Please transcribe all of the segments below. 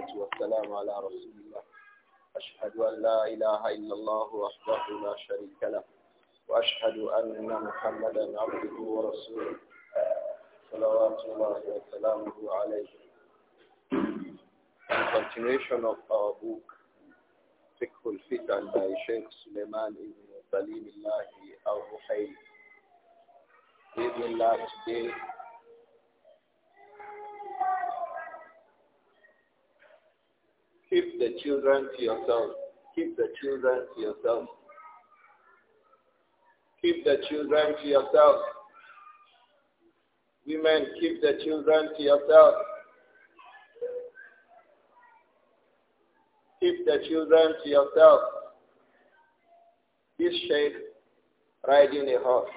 والسلام على رسول الله أشهد أن لا إله إلا الله وحده لا شريك له وأشهد أن محمدا عبده ورسوله صلوات الله وسلامه عليه In continuation of our book فقه الفتن by Sheikh Suleiman ibn Salim Allah al-Ruhayl Bismillah today Keep the children to yourself. Keep the children to yourself. Keep the children to yourself. Women, keep the children to yourself. Keep the children to yourself. This shape, riding a horse.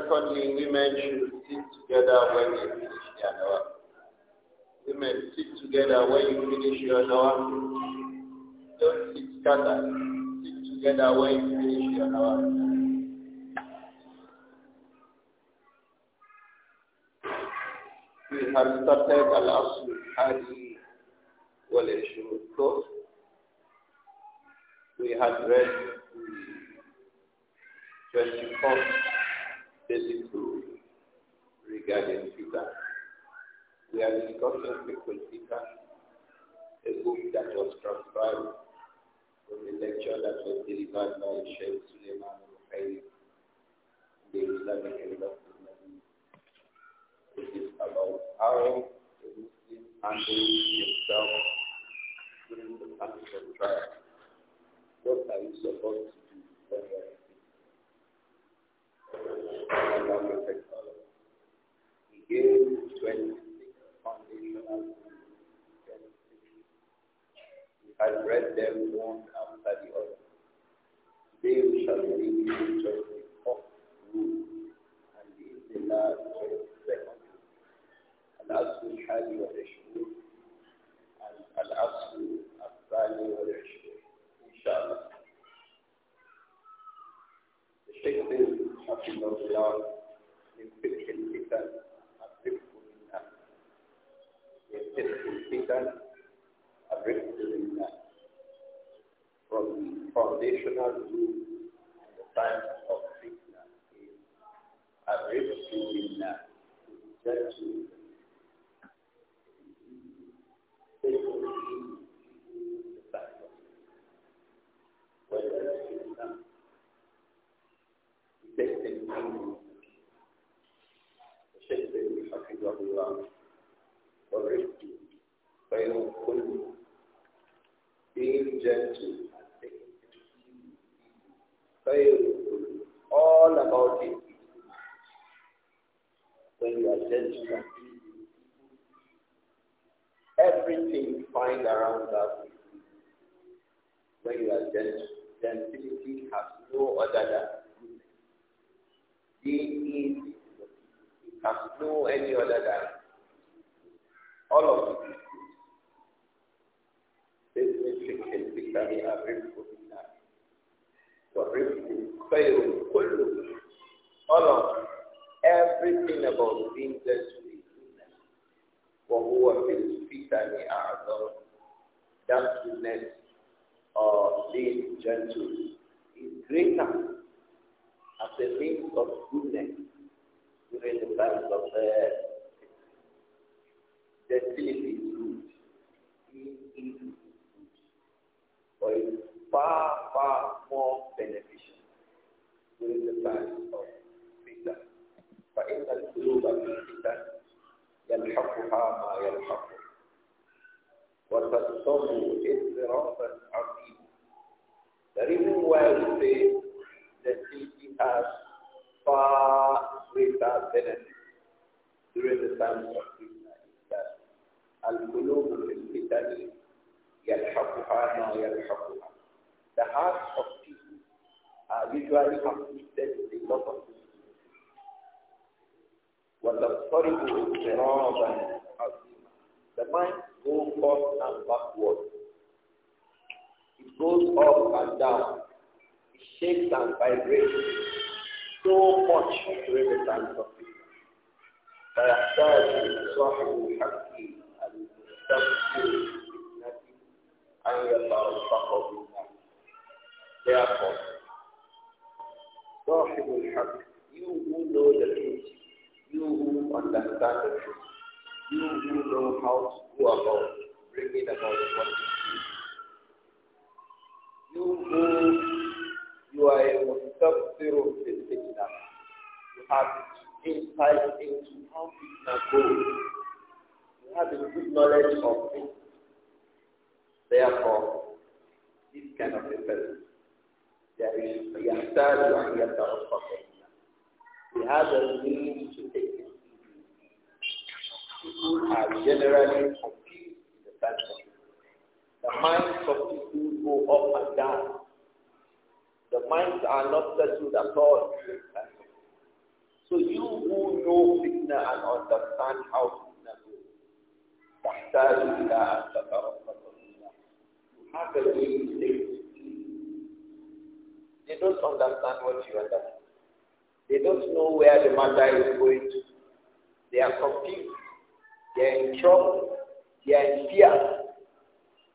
Secondly, women should sit together when they finish their dawah. Women sit together when you finish your dawah. Don't sit scattered. Sit together when you finish your dawah. We have started Al-Asr Hadi Wal-Shurut We had read the 24th basic regarding fitna. We are discussing frequent fitna, a book that was transcribed from the lecture that was delivered by Sheikh Suleiman Ruhaili the Islamic University. It is about how the Muslim handles himself during the time of trial. What are you supposed to do Allah protect all of us. He gave 26 foundational We had read them one after the other. Today we shall read the 24th rule and the last 22nd الأصل الحادي والعشرون الأصل الثاني والعشرون إن شاء الله. الشيخ حفظه الله من فقه الفتن الرفق لله من فقه الفتن الرفق لله from the foundational rule and the science of fitna is الرفق لله to be judged خير being gentle all about it. When you are gentle everything you find around us. When you are gentle, gentility has no other than Being has no any other than all of it. بالله الرفق بالله والرفق خير كله all of everything about being blessed with goodness وهو في الفتن أعظم that goodness of being gentle is greater as a means of goodness during the times of the the is good. He is for far, far more beneficial during the time of fitna. فإن القلوب في الفتن يلحقها ما يلحق وتصب اضطرابا عظيما. The reason why we say that city has far greater benefits during the time of fitna is that al يَلْحَقُهَا مَا يَلْحَقُهَا The hearts of people are usually afflicted with a lot of وَتَضْطَرِقُ اضْطِرَابًا عَظِيمًا The mind goes forth and backward. It goes up and down. It shakes and vibrates so much during the times of people. فيحتاج صاحب الحق المستقيم أن يتعرفق بالناس Therefore, صاحب الحق you who know the truth, you who understand the truth, you who know how to go about bringing about what you do, you who you are a mustaqbir of the fitna, you have insight into how things are going, you have a good knowledge of it. Therefore, this kind of a person, there is يحتاج أن يترفق He has a need to take it People are generally confused in the country. The minds of people go up and down. The minds are not settled at all in the So you who know fitna and understand how fitna goes, تحتاج إلى أن تترفق Happily, they, they don't understand what you are doing. They don't know where the matter is going to. They are confused. They are in trouble. They are in fear.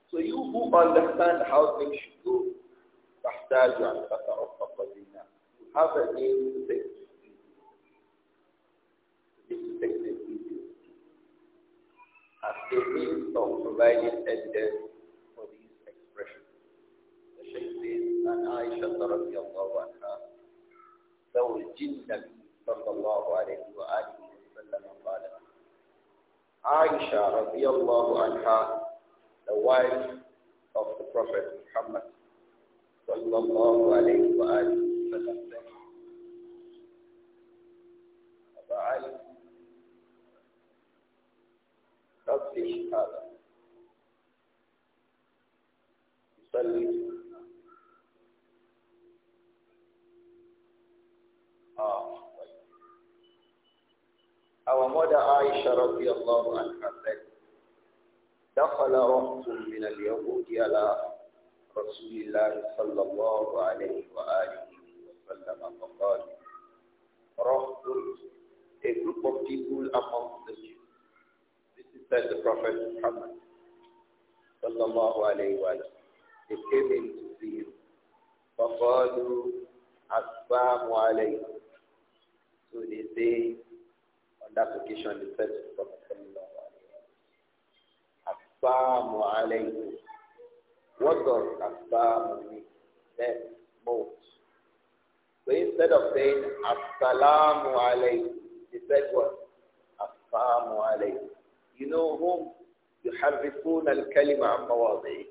So you who understand how things should go, تحتاج أن تترفق بنا. You have a need to take as a means of providing evidence and Aisha radiallahu anha لو الجن صلى الله عليه وآله وسلم قال Aisha رضي الله عنها the wife of the Prophet Muhammad صلى الله عليه وآله وسلم أبا علي فتش هذا يصلي Our mother Aisha radiallahu anha said, دخل رهط من اليهود على رسول الله صلى الله عليه وآله وسلم فقال رهط a group of people among the Jews. This is said the Prophet Muhammad sallallahu alayhi wa They came in to see him. فقالوا السلام عليكم. So they say on that occasion, they first to the Prophet Sallallahu Alaihi What does Asbamu mean? Death, mouth. So instead of saying Assalamu Alaihi, he said what? Assalamu Alaihi. You know whom? you al الكلمة عن مواضعه.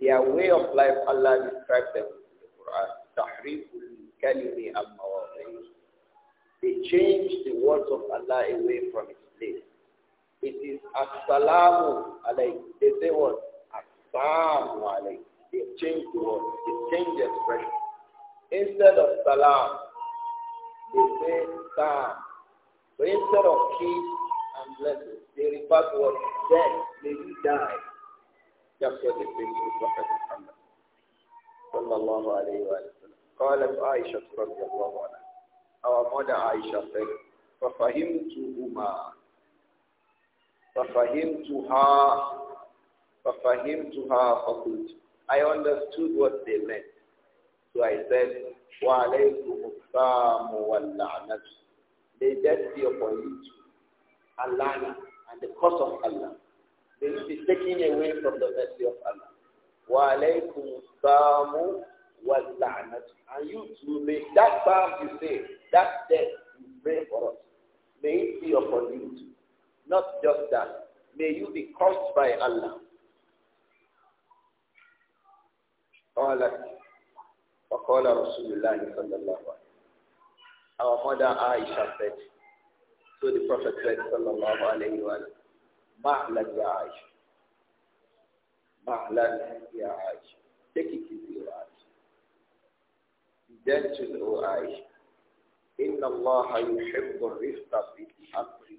Their way of life, Allah describes them in the Quran. تحريف الكلم عن they changed the words of Allah away from its place. It is Assalamu alaikum. They say what? Assalamu alaikum. They changed the word. They changed the expression. Instead of salam, they say salam. So instead of peace and blessings, they refer to what death, They die. That's what they say to Prophet Muhammad. صلى الله عليه وآله وسلم Allah mother Aisha said, فَفَهِمْتُهُمَا فَفَهِمْتُهَا فَفَهِمْتُهَا فَقُلْتُ I understood what they meant. So I said, وَعَلَيْكُمُ السَّامُ وَاللَّعْنَةُ They death be upon you too. Allah and the curse of Allah. They will be taken away from the mercy of Allah. وَعَلَيْكُمُ السَّامُ وَاللَّعْنَةُ And you too, may that psalm you say, that death you pray for us. May it be upon you Not just that. May you be cursed by Allah. قال وقال رسول الله صلى الله عليه وسلم Our mother Aisha said, so the Prophet said صلى الله عليه وسلم مهلا يا عائشة مهلا يا عائشة Take it easy, O Aisha. Be gentle, O Aisha. إن الله يحب الرفق في الأمر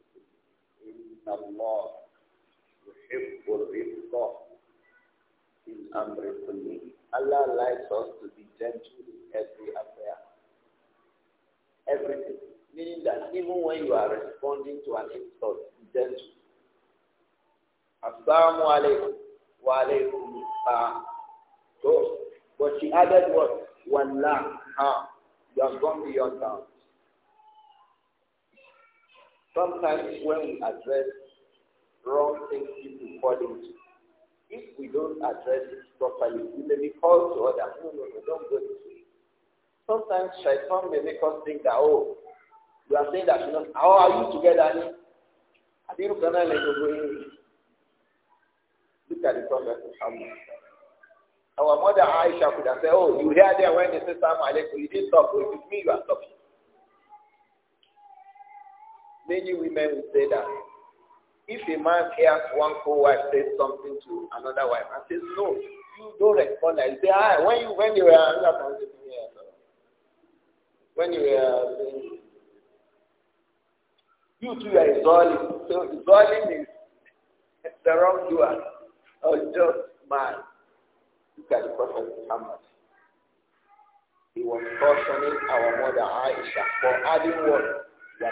إن الله يحب الرفق في الأمر Allah likes us to be gentle in every affair. Everything. Meaning that even when you are responding to an insult, be gentle. Assalamu alaikum wa alaikum uh, so, But she added what? Wallah. You have gone beyond that. Sometimes when we address wrong things people fall into, if we don't address it properly, we may be called to other. no, no, no, don't go this way. Sometimes shaitan may make us think that, oh, you are saying that, you know, how are you together? I think you cannot let go in. Look at the Prophet Our mother Aisha could have said, oh, you hear there when they say, Salaam alaikum, you didn't talk with oh, me you are talking. Many women will say that if a man hears one co-wife say something to another wife and says, no, you don't respond like say, ah, when you when you were when you were saying, you too are exalting. So exalting is the doer. or oh, just man. Look at the Prophet Muhammad. He was cautioning our mother Aisha for adding one. The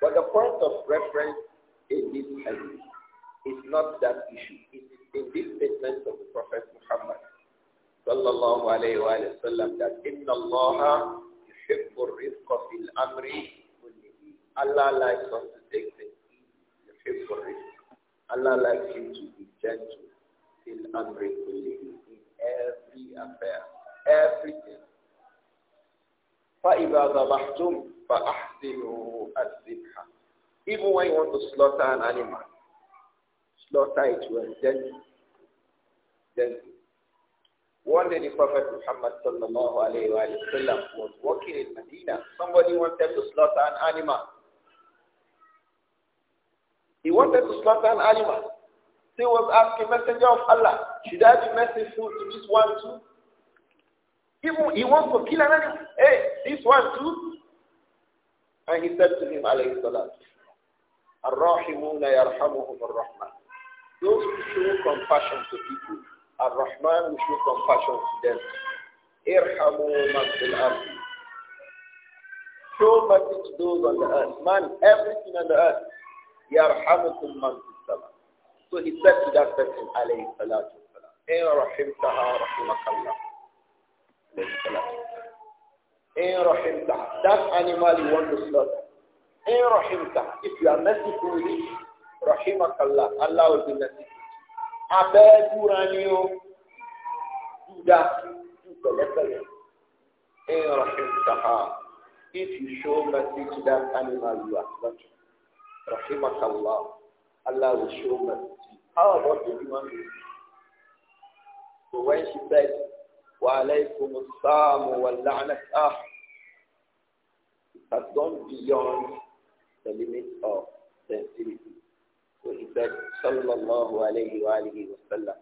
but the point of reference in this hadith is not that issue. It is in this statement of the Prophet Muhammad sallallahu alayhi wa sallam that إِنَّ اللَّهَ يُحِبُّ الرِّزْقَ فِي الْأَمْرِ كُلِّهِ Allah likes us to take things easy. يُحِبُّ الرِّزْقَ Allah likes you to be gentle fil amri in every affair, everything فَإِذَا ذَبَحْتُمْ فَأَحْسِنُوا الذِّبْحَ Even when you want to slaughter an animal, slaughter it well, then, Gently. One day the Prophet Muhammad sallallahu alayhi wa sallam was walking in Medina. Somebody wanted to slaughter an animal. He wanted to slaughter an animal. he was asking, Messenger of Allah, should I be merciful to this one too? he wants to kill another. Hey, this one too. And he said to him, alayhi salatu, yarhamuhum ar-Rahman. Those who show compassion to people, Ar-Rahman will show compassion to them. Irhamu man fil Show mercy to those on the earth. Man, everything on the earth. Yarhamukum man fil So he said to that person, alayhi salatu wasalam, Ina rahimtaha rahimakallah. In that animal you want to slaughter. In rahimta, if you are merciful with it, rahimakallah, Allah will be merciful. Abeduranio, do that, do the In rahimta, if you show mercy to that animal you are slaughtering, rahimakallah, Allah will show mercy. How about the human being? So when she begs. وَعَلَيْكُمُ السَّامُ وَاللَّعْنَةَ آه. Ah, has gone beyond the limit of sensitivity. So he said, صلى الله عليه وآله وسلم,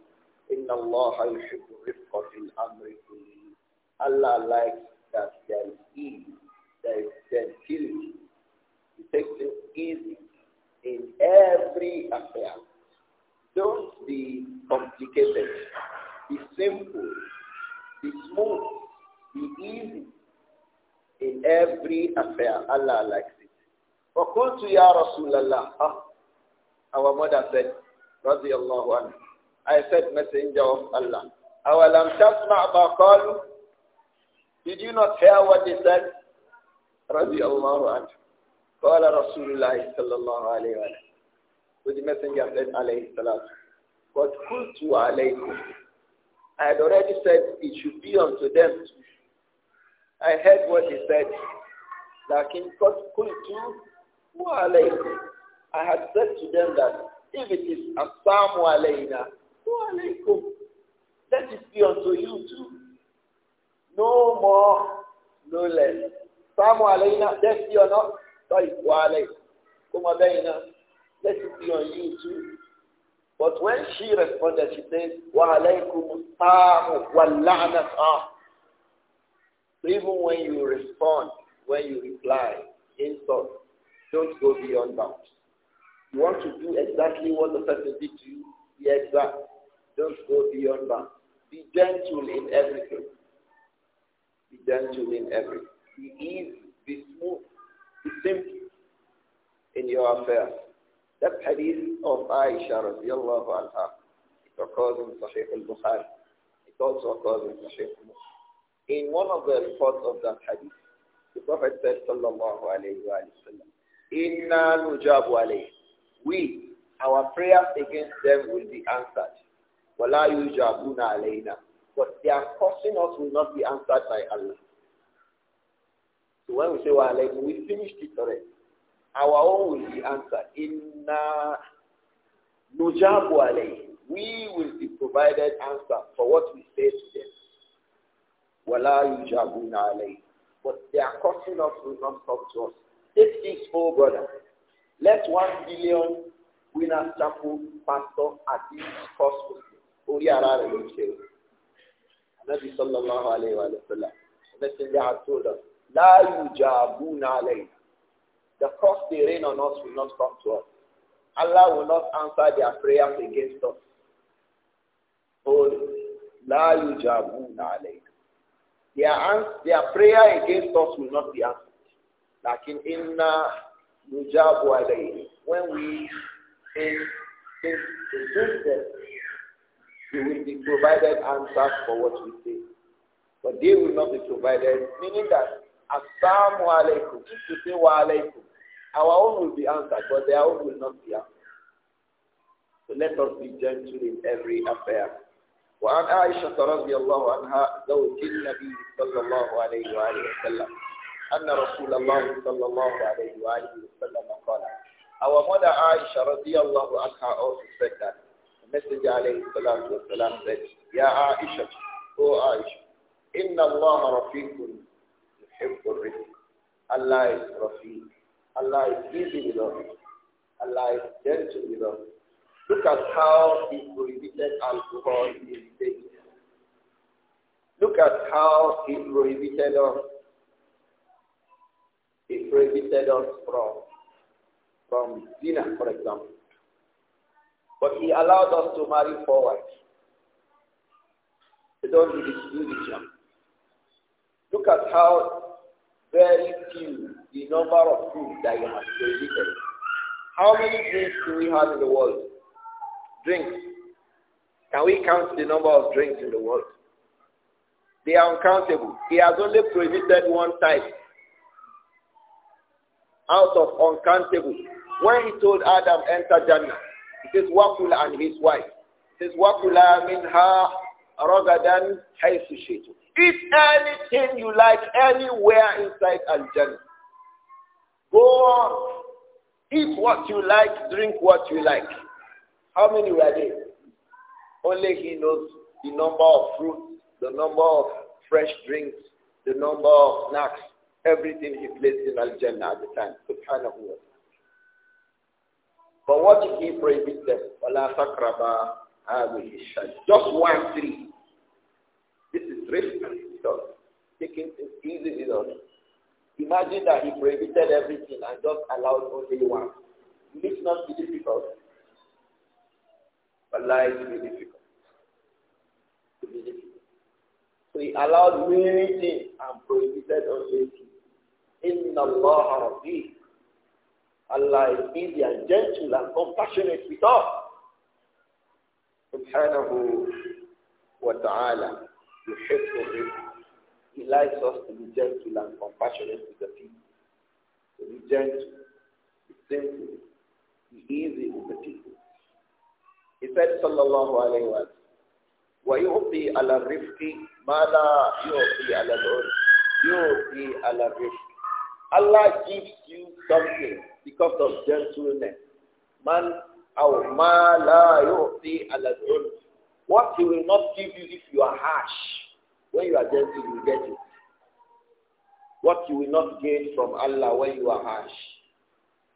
إِنَّ اللَّهَ يُحِبُّ الرِّفْقَ فِي الْأَمْرِ كُلِّهِ Allah likes that there is ease, there is gentility. He takes it easy in every affair. Don't be complicated. Be simple. Be smooth. Be easy. In every affair, Allah likes it. وَقُلْتُ يَا رَسُولَ اللَّهِ ah, Our mother said, رضي الله عنه, I said, messenger of Allah, أَوَلَمْ تَسْمَعْ مَا Did you not hear what they said? رضي الله عنه. قال رسول الله صلى الله عليه وسلم. With the messenger said, عليه الصلاة والسلام, وَقُلْتُ عَلَيْكُمْ I had already said it should be unto them. I heard what he said. Lakin kuntu wa alaykum. I had said to them that if it is assalamu alayna, wa alaykum. Let it be unto you too. No more, no less. Assalamu alayna, let it be on us. Sorry, wa alaykum. Kuma bayna, let it be on you too. But when she responded, she said, وَعَلَيْكُمُ الطَّاعُ even when you respond, when you reply, insult, don't go beyond bounds. You want to do exactly what the person did to you, be exact. Don't go beyond bounds. Be gentle in everything. Be gentle in everything. Be easy, be smooth, be simple in your affairs. That hadith of Aisha radiallahu anha, it occurs in Sahih al-Bukhari. It also occurs in Sahih Muslim. In one of the reports of that hadith, the Prophet said sallallahu alayhi wa sallam, Inna nujabu alayhi. We, our prayers against them will be answered. Wala yujabuna alayna. But their cursing us will not be answered by Allah. So when we say wa alayhi, we finished it already. Our own will be answered. In nujabu alayhi. We will be provided answer for what we say to them. Wala yujabuna alayhi. But their cutting off will not come to us. Take this, oh brother. Let one billion winner chapel pastor at this cost. Orí ara rẹ̀ ló ṣe sallallahu alayhi wa sallam. Messenger had told us, La yujabuna alayhi the cost they rain on us will not come to us. Allah will not answer their prayers against us. Holy, la yujabuna Their, their prayer against us will not be answered. Like in inna yujabu alayk. When we in, in, in them, we will be provided answers for what we say. But they will not be provided, meaning that Assalamu alaikum. If you say wa alaikum, our own will be answered, but their own will not be answered. So let us be gentle in every affair. وعن عائشة رضي الله عنها زوج النبي صلى الله عليه وآله وسلم أن رسول الله صلى الله عليه وآله وسلم قال Our mother Aisha رضي الله عنها also said that the messenger عليه الصلاة والسلام said يا عائشة O Aisha إن الله رفيق يحب الرفق Allah is رفيق Allah is busy with us. Allah is gentle with us. Look at how he prohibited alcohol in Satan. Look at how he prohibited us. He prohibited us from from dinner, for example. But he allowed us to marry forward. They don't do this, Look at how very few the number of food that you have created. How many drinks do we have in the world? Drinks. Can we count the number of drinks in the world? They are uncountable. He has only prohibited one type out of uncountable. When he told Adam, enter Jannah, he says, Wakula and his wife. He says, Wakula minha ragadan haythu Eat anything you like anywhere inside Al-Jannah. Go on. Eat what you like, drink what you like. How many were there? Only he knows the number of fruits, the number of fresh drinks, the number of snacks, everything he placed in Al-Jannah at the time. of wa But what did he prohibit them? Just one tree. This is risk. Taking it easy with us. Imagine that he prohibited everything and just allowed only one. it not be difficult? But life will be difficult. We So he allowed many things and prohibited only two. Inna Allah Rabbi. Allah is easy and gentle and compassionate with us. Subhanahu wa ta'ala. يحب الرزق he likes us to be gentle and compassionate with the people. To be gentle, be simple, be easy with the people. He said, Sallallahu Alaihi Wasallam, ويعطي على الرفق ما لا يعطي على Allah gives you something because of gentleness man أو ما لا what he will not give you if you are harsh when you are gentle, you get it. What you will not gain from Allah when you are harsh,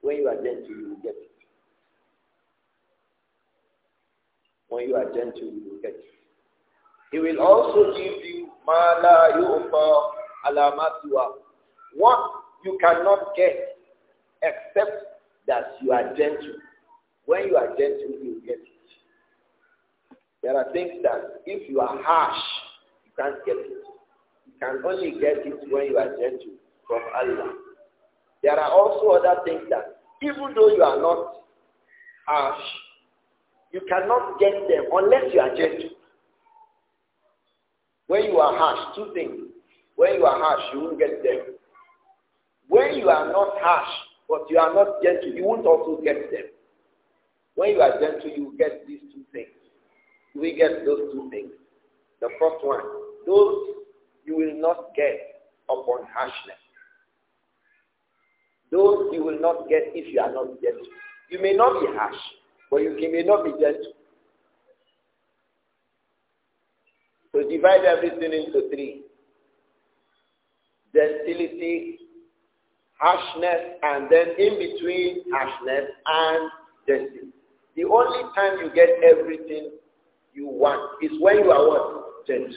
when you are gentle, you will get it. When you are gentle, you will get it. He will also give you mala yu'fa alamatiwa. What you cannot get except that you are gentle. When you are gentle, you will get it. There are things that if you are harsh, can't get it. You can only get it when you are gentle from Allah. There are also other things that, even though you are not harsh, you cannot get them unless you are gentle. When you are harsh, two things. When you are harsh, you won't get them. When you are not harsh, but you are not gentle, you won't also get them. When you are gentle, you get these two things. We get those two things. The first one, those you will not get upon harshness. Those you will not get if you are not gentle. You may not be harsh, but you may not be gentle. So divide everything into three. Gentility, harshness, and then in between harshness and gentility. The only time you get everything you want is when you are what? Gentle.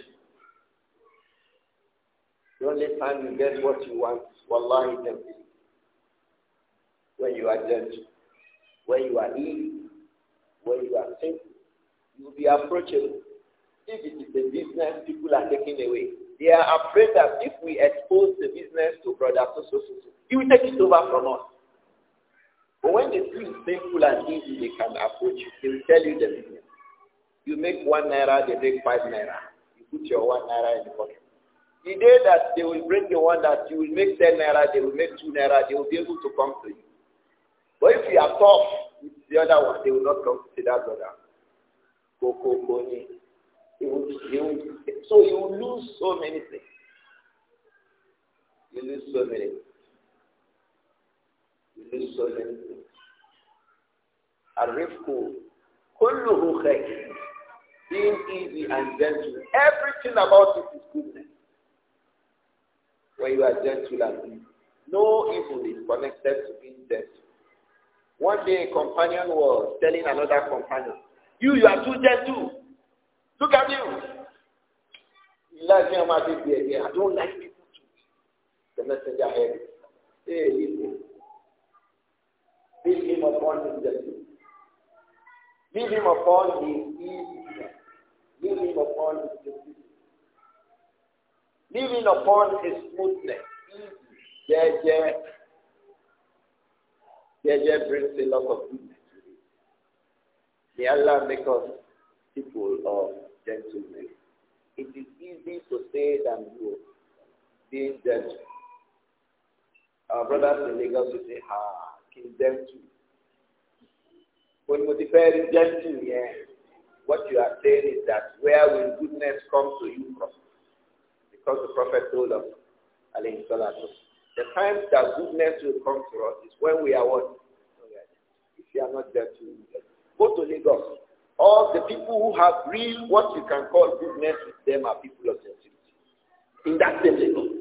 The only time you get what you want, wallahi, them when you are judged, when you are ill, when you are sick, you will be approachable. If it is a business people are taking away, they are afraid that if we expose the business to brother so so so, he will take it over from us. But when they feel simple and easy, they can approach you. They will tell you the business. You make one naira, they make five naira. You put your one naira in the pocket. The day that they will bring the one that you will make 10 naira, they will make 2 naira, they will be able to come to you. But if you are tough with the other one, they will not come to that brother. Koko money. go, will, so you will lose so many things. You lose so many things. You lose so many things. الرفق كله خير being easy and gentle everything about it is goodness when you are gentle and meek. No evil is connected to being gentle. One day a companion was telling another companion, you, you are too gentle. Look at you. I don't like people too. The messenger heard it. Hey, listen. Leave him upon his gentle. Leave him upon his easiness. Leave him upon his gentle even upon his smoothness. Yeah, yeah. Yeah, yeah brings a lot of goodness to me. May Allah make us people of gentleness. It is easy to say than do. Being gentle. Our brothers in Lagos will say, ah, kill them too. When we defend gentle, yeah, what you are saying is that where will goodness come to you from? Because the Prophet told us, alayhi salatu, the time that goodness will come to us is when we are what? If you are not there to go to Lagos. All the people who have real, what you can call goodness with them are people of sensitivity. In that same Lagos.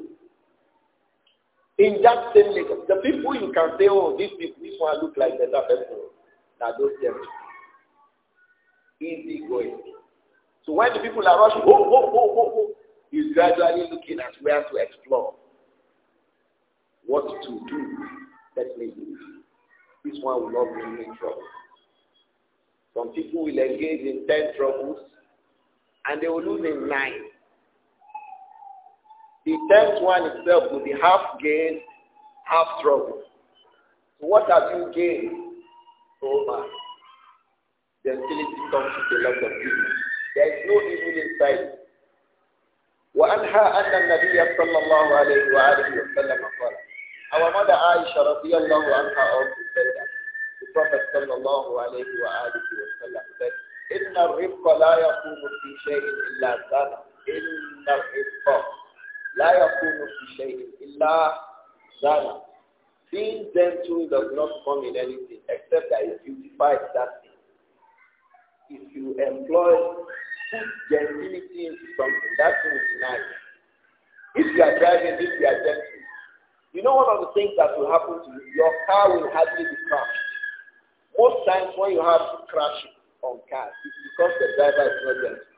In that same The people you can say, oh, this people, this one look like better person. Now those them. Easy going. So when the people are rushing, oh, oh, oh, oh, oh, He's gradually looking at where to explore, what to do that may be. This one will not bring me trouble. Some people will engage in ten troubles and they will lose in nine. The tenth one itself will be half gain, half trouble. So what have you gained? So oh, much. Then still it comes to the lot of people. There is no evil inside وأنهى أن النبي صلى الله عليه وآله وسلم قال أو ماذا عائشة رضي الله عنها said that the صلى الله عليه وآله وسلم said إن الرفق لا يقوم في شيء إلا زانه إن الرفق لا يقوم في شيء إلا زانه Being gentle does not come in anything except that you beautifies that thing. If you employ put gentility into something. That's nice. If you are driving, if you are gentle, you know one of the things that will happen to you, your car will hardly be crashed. Most times when you have crash on cars, it's because the driver is not gentle.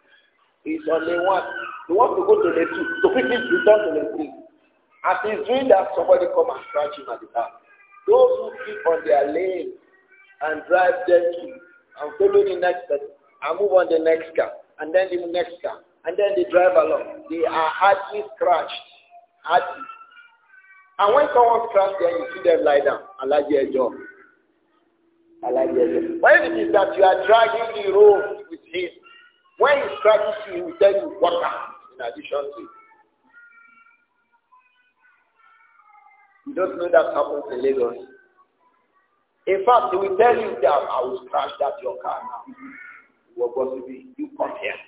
He's only one. He wants to go to the two, to quickly return to the three. As he's doing that, somebody come and scratch him at the back. Those who keep on their lane and drive gently and follow the next person and move on the next car, and then the next car, and then they drive along. They are hardly scratched. Hardly. And when someone scratches them, you see them lie down. I like your job. I like your job. When it is that you are dragging the road with him, when he scratches you, he will tell you water in addition to it. You don't know that happens in Lagos. In fact, they will tell you that I will scratch that your car now you come here.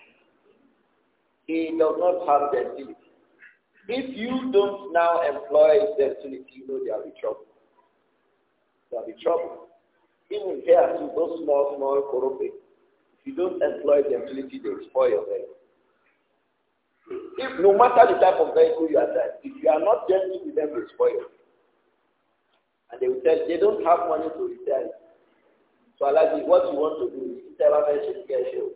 He does not have the ability. If you don't now employ the ability, you know there will be trouble. There will be trouble. Even here, to those small, small korope, if you don't employ the ability, they will spoil your vehicle. If no matter the type of vehicle you are driving, if you are not gentle with them, they spoil you. And they will tell they don't have money to return. So Allah says, what you want to do tẹ́ bá fẹ́ ṣe kí ẹ ṣe o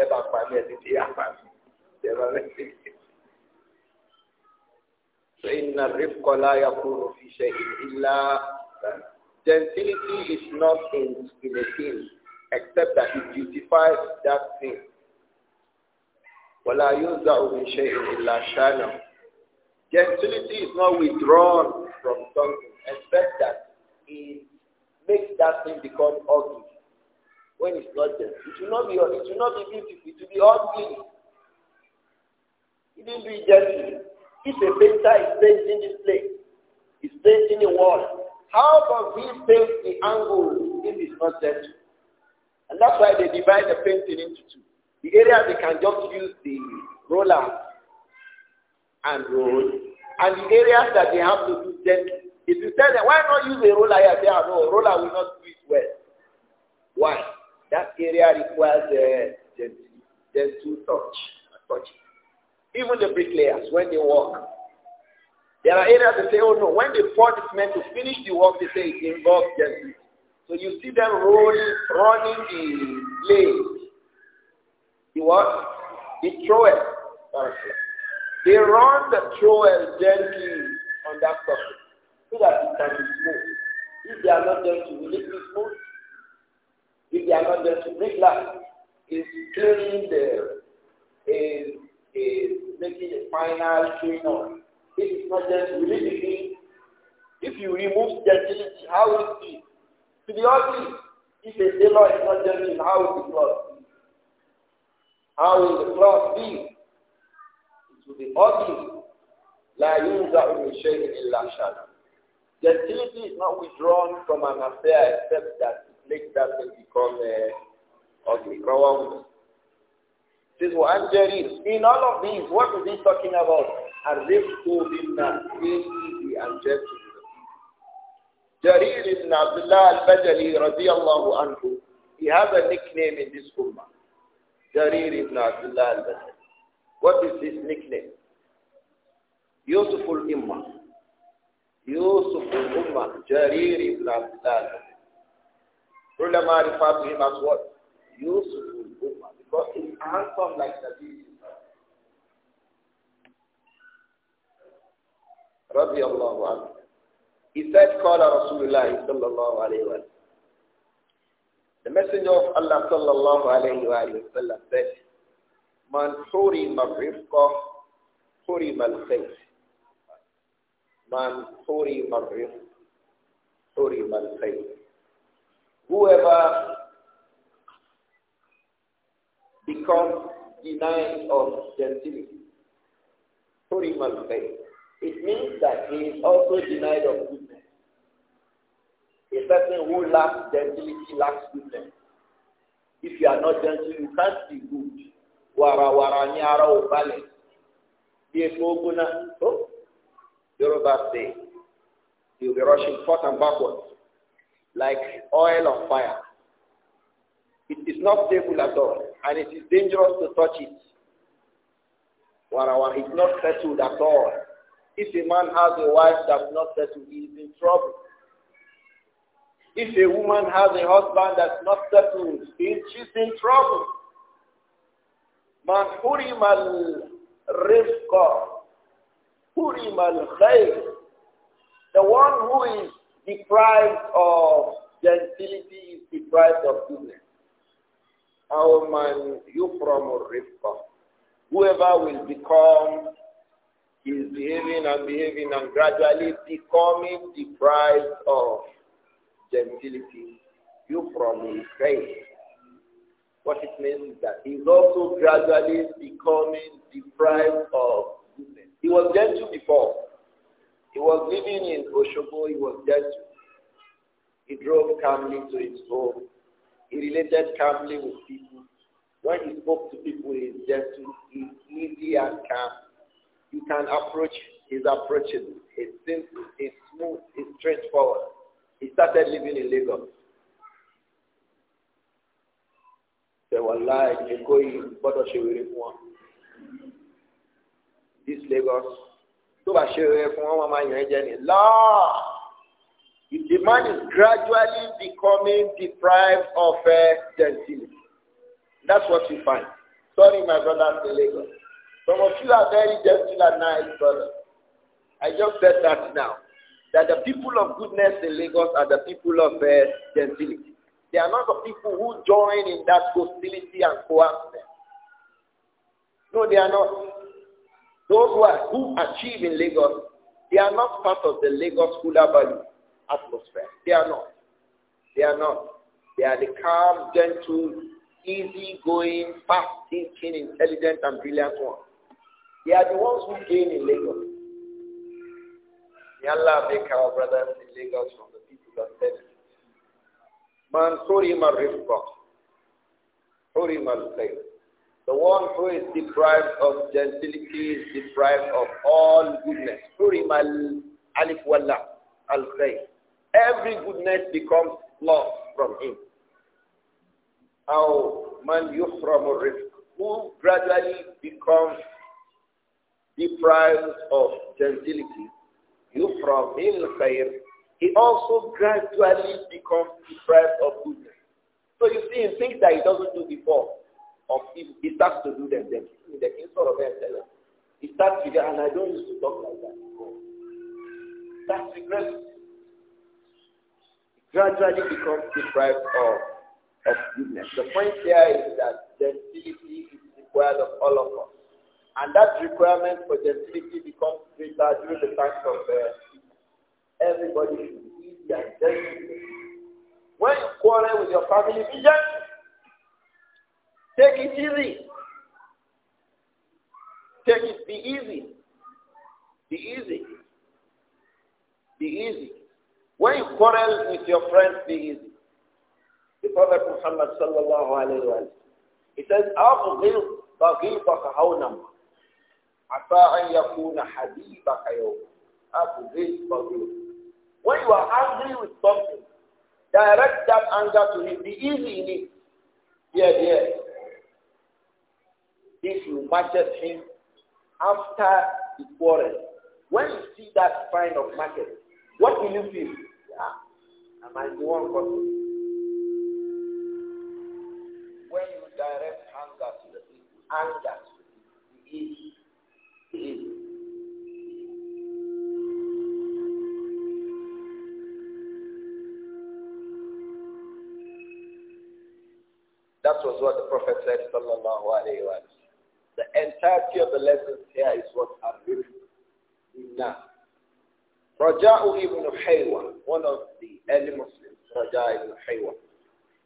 ẹ bá pa mí ẹ ti di apá mi tẹ́ bá fẹ́ ṣe kí. فإن الرفق لا يكون في شيء إلا gentility is not in, in a thing except that it justifies that thing ولا ينزع من شيء إلا شانه Gentility is not withdrawn from something, except that it makes that thing become ugly when it's not there. It will not be it will not be beautiful, it will be ugly. It will be do If a painter is painting this place, is painting a wall, how can he paint the angle if it's not there? And that's why they divide the painting into two. The area they can just use the roller and roll, and the areas that they have to do gently. If you tell them, why not use a roller here? They are no, roller will not do it well. Why? That area requires the gentle touch. touch. Even the bricklayers, when they work, there are areas that say, oh no, when the pot is meant to finish the work, they say it involves gently. So you see them rolling, running the blade. The what? The trowel. They run the trowel gently on that surface so that it can be smooth. If they are not gentle, will it be smooth? If they are not there to break land, is cleaning the is is making a final clean up. It is not just religion. If you remove gentility, will it? To the ugly, if a tailor is not gentle, how will the cloth be? How will the cloth be? It will be ugly. La yunza'u min shay'in illa Gentility is not withdrawn from an affair except that make that thing become uh, ugly. Rawahul. This one Jarir. In all of these, what is he talking about? Ariftu binna easy and gentle. Jarir ibn Abdullah al-Bajali radiallahu anhu. He has a nickname in this ummah. Jarir ibn Abdullah al-Bajali. What is his nickname? Yusuf al-Imma. Yusuf al-Umma. Jarir ibn Abdullah al-Bajali. Ulama refer to him as what? Yusuf al because he's handsome like Nabi رضي الله عنه He said, قال رسول الله صلى الله عليه وسلم The messenger of Allah صلى الله عليه وآله وسلم said, من حرم الرفق حرم الخير من حرم الرفق حرم الخير whoever becomes denied of gentility, Purim al it means that he is also denied of goodness. A person who lacks gentility lacks goodness. If you are not gentle, you can't be good. Wara wara ni ara o balẹ̀. Bí epo ogun náà, oh, Yoruba say, you'll be rushing forth and backwards like oil on fire. It is not stable at all, and it is dangerous to touch it. Warawa is not settled at all. If a man has a wife that's not settled, he is in trouble. If a woman has a husband that's not settled, she is in trouble. Man al-rifqa, hurim al-khayr. The one who is Deprived of gentility is deprived of goodness. How man you from Rifka? Whoever will become is behaving and behaving and gradually becoming deprived of gentility. You from faith. What it means is that he's also gradually becoming deprived of goodness. He was gentle before. He was living in Oshobo, he was dead. He drove calmly to his home. He related calmly with people. When he spoke to people, he is gentle, he easy and calm. You can approach his approachable, it's simple, it's smooth, it's straightforward. He started living in Lagos. They were lies, This Lagos tó bá ṣe fún wọn yàn jẹ ní if the man is gradually becoming deprived of uh, gentility that's what you find sorry my brothers in Lagos some of you are very gentle and nice but I just said that now that the people of goodness in Lagos are the people of uh, gentility they are not the people who join in that hostility and coercion no they are not those who, are, who achieve in Lagos, they are not part of the Lagos Hula Valley atmosphere. They are not. They are not. They are the calm, gentle, easy-going, fast-thinking, intelligent, and brilliant ones. They are the ones who gain in Lagos. May Allah make our brothers in Lagos from the people of Lagos. Man, sorry, my risk. Sorry, my the one who is deprived of gentility is deprived of all goodness. Hurimal alif al khayr. Every goodness becomes lost from him. How man Who gradually becomes deprived of gentility. Yuhramil khayr. He also gradually becomes deprived of goodness. So you see, in things that he doesn't do before, of people. He starts to do them. Then the king sort of them. He starts to get, and I don't used to talk like that. Before. That's regret. Gradually becomes deprived of of goodness. The point here is that gentility is required of all of us. And that requirement for gentility becomes greater during the times of uh, everybody should be easy and gentle. When you quarrel with your family, be gentle. Take it easy. Take it, be easy. Be easy. Be easy. When you quarrel with your friends, be easy. The Prophet Muhammad sallallahu alayhi wa he says, أَغْضِرْ بَغِيبَكَ هَوْنَمْ عَفَىٰ أَنْ يَكُونَ حَبِيبَكَ يَوْمَ أَغْضِرْ بَغِيبَ When you are angry with something, direct that anger to him. Be easy in it. Yeah, yeah if you market him after the quarrel. When you see that kind of market, what will you feel? Yeah, am I the one When you direct anger to the people, anger to the people, it is. That was what the Prophet said, sallallahu alayhi wa the entirety of the lessons here is what I'm reading. Nas. Raja ibn Haywa, one of the early Muslims, Raja ibn Haywa.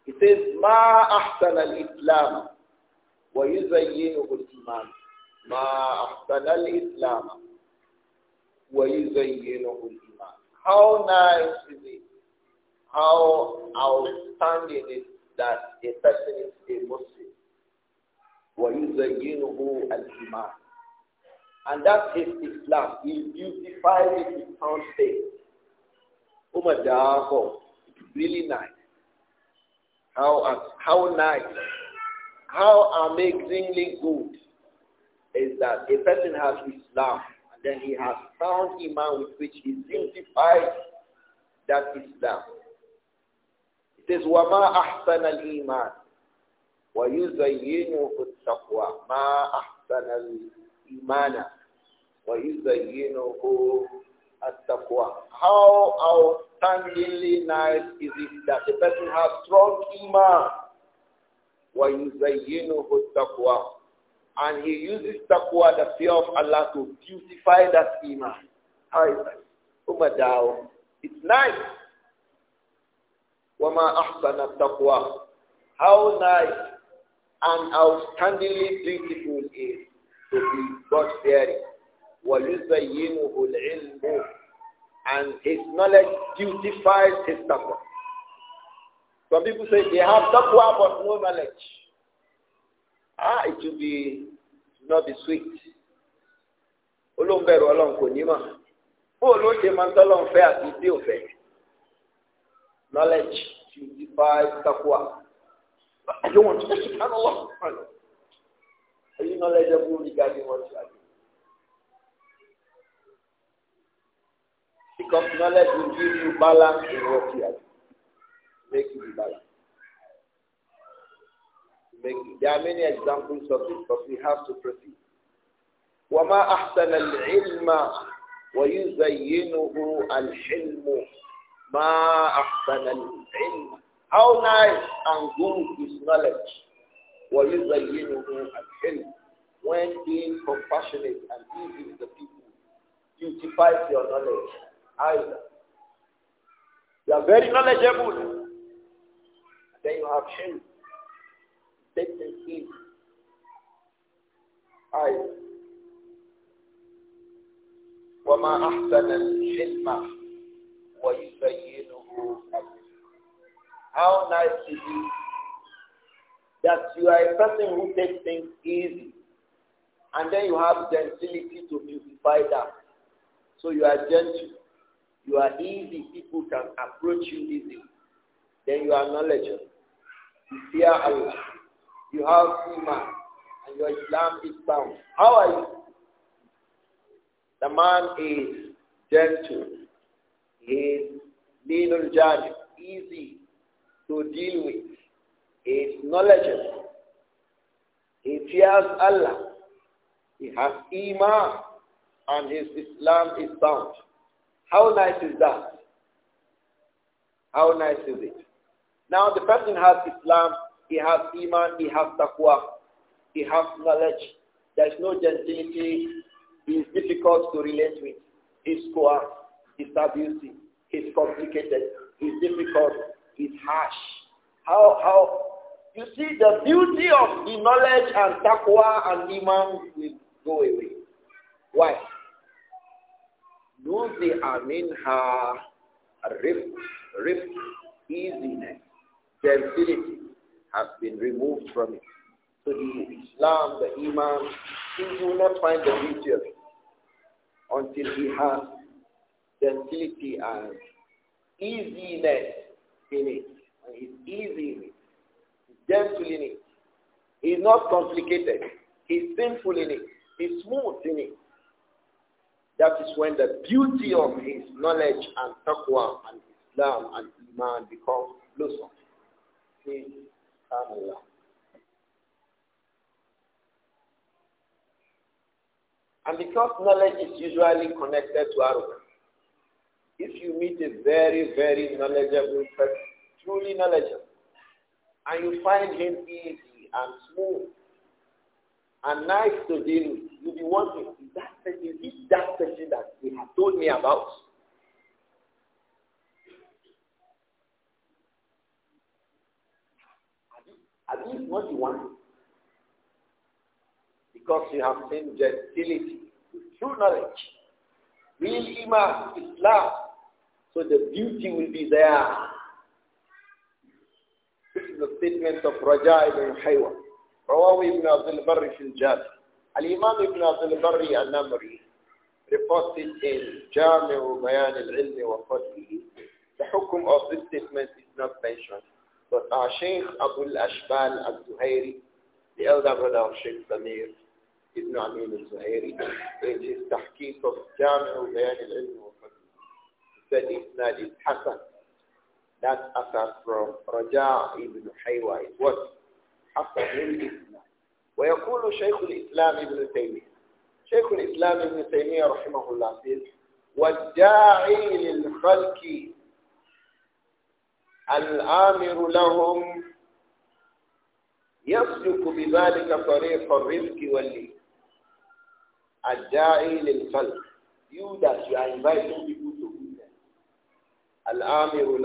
He says, Ma ahsan al-Islam wa yuzayyinu al-Iman. Ma ahsan al-Islam wa yuzayyinu al-Iman. How nice is it? How outstanding is that a person is a Muslim? وَيُزَيِّنُهُ الإيمان And that is Islam. He beautifies it with sound state. Umadaho. really nice. How, how nice. How amazingly good is that a person has Islam and then he has found iman with which he beautifies that Islam. It says, وَمَا أَحْسَنَ الْإِيمَانِ وَيُزَيِّنُهُ التقوى ما أحسن الإيمان ويزينه التقوى How outstandingly nice is it that the person has strong iman ويزينه التقوى And he uses taqwa, the fear of Allah, to beautify that iman. How is that? Umadaw. It's nice. وَمَا أَحْسَنَ التَّقْوَى How nice and outstandingly beautiful is to be God-fearing. وَيُزَيِّنُهُ الْعِلْمُ And his knowledge beautifies his taqwa. Some people say they have taqwa but no knowledge. Ah, it should be, not be sweet. Olóńbẹ̀rù ọlọ́run konima. ní mọ̀. Bóòlù ó ṣe máa ń tọ́lọ́run fẹ́ Knowledge beautifies taqwa. I don't want to subhanallah. Are you knowledgeable regarding what you are doing? Because knowledge will give you balance in what you are doing. Make you balance. Make, there are many examples of this, but we have to proceed. وما أحسن العلم ويزينه الحلم ما أحسن العلم how nice and good is knowledge. at الْحِلْمُ When being compassionate and easy with the people, beautifies your knowledge. Either. You are very knowledgeable. Then you have shame. Take the heat. Either. وَمَا أَحْسَنَ الْحِلْمَ وَيُزَيِّنُهُ how nice to that you are a person who takes things easy. And then you have gentility to beautify that. So you are gentle. You are easy. People can approach you easy. Then you are knowledgeable. You fear Allah. You have iman. And your Islam is sound. How are you? The man is gentle. He is lean on easy to deal with is knowledgeable. He fears Allah. He has Iman and his Islam is sound. How nice is that? How nice is it? Now the person has Islam, he has Iman, he has taqwa, he has knowledge. There is no gentility. He is difficult to relate with. He's coarse, he's abusive, he's complicated, he's difficult, is harsh. How, how, you see the beauty of the knowledge and taqwa and iman will go away. Why? Nuzi aminha rift, rift, easiness, gentility has been removed from it. So the Islam, the Imam, he will not find the beauty of it until he has gentility and easiness in it. And he's easy in it. He's gentle in it. He's not complicated. He's simple in it. He's smooth in it. That is when the beauty of his knowledge and taqwa and Islam and Iman becomes blossom. He, Allah. And because knowledge is usually connected to arrogance, if you meet a very, very knowledgeable person, truly knowledgeable, and you find him easy and smooth and nice to deal with, you'll be wondering, is that person, is this that person that they have told me about? At least what you want. Because you have seen gentility, true knowledge, real iman, Islam, so the beauty will be there. This is a statement of Raja ibn Haywa. Rawawi ibn Abdul Barri fil Jami. Al-Imam ibn Abdul Barri al-Namri reported in Jami Bayan al-Ilmi wa Fadlihi. The hukum of this statement is not mentioned. But our Sheikh Abu ashbal al-Zuhairi, the elder brother of Sheikh Samir, Ibn Amin al-Zuhairi, in his tahqiq of Jami Bayan al-Ilmi wa the isnad is Hassan. That's asar from Raja ibn Haywa. It was Hassan al-Isnad. ويقول شيخ الإسلام ابن تيمية شيخ الإسلام ابن تيمية رحمه الله says والداعي للخلق الآمر لهم يسلك بذلك طريق الرزق واللي الداعي للخلق you that you are inviting Al-Amiru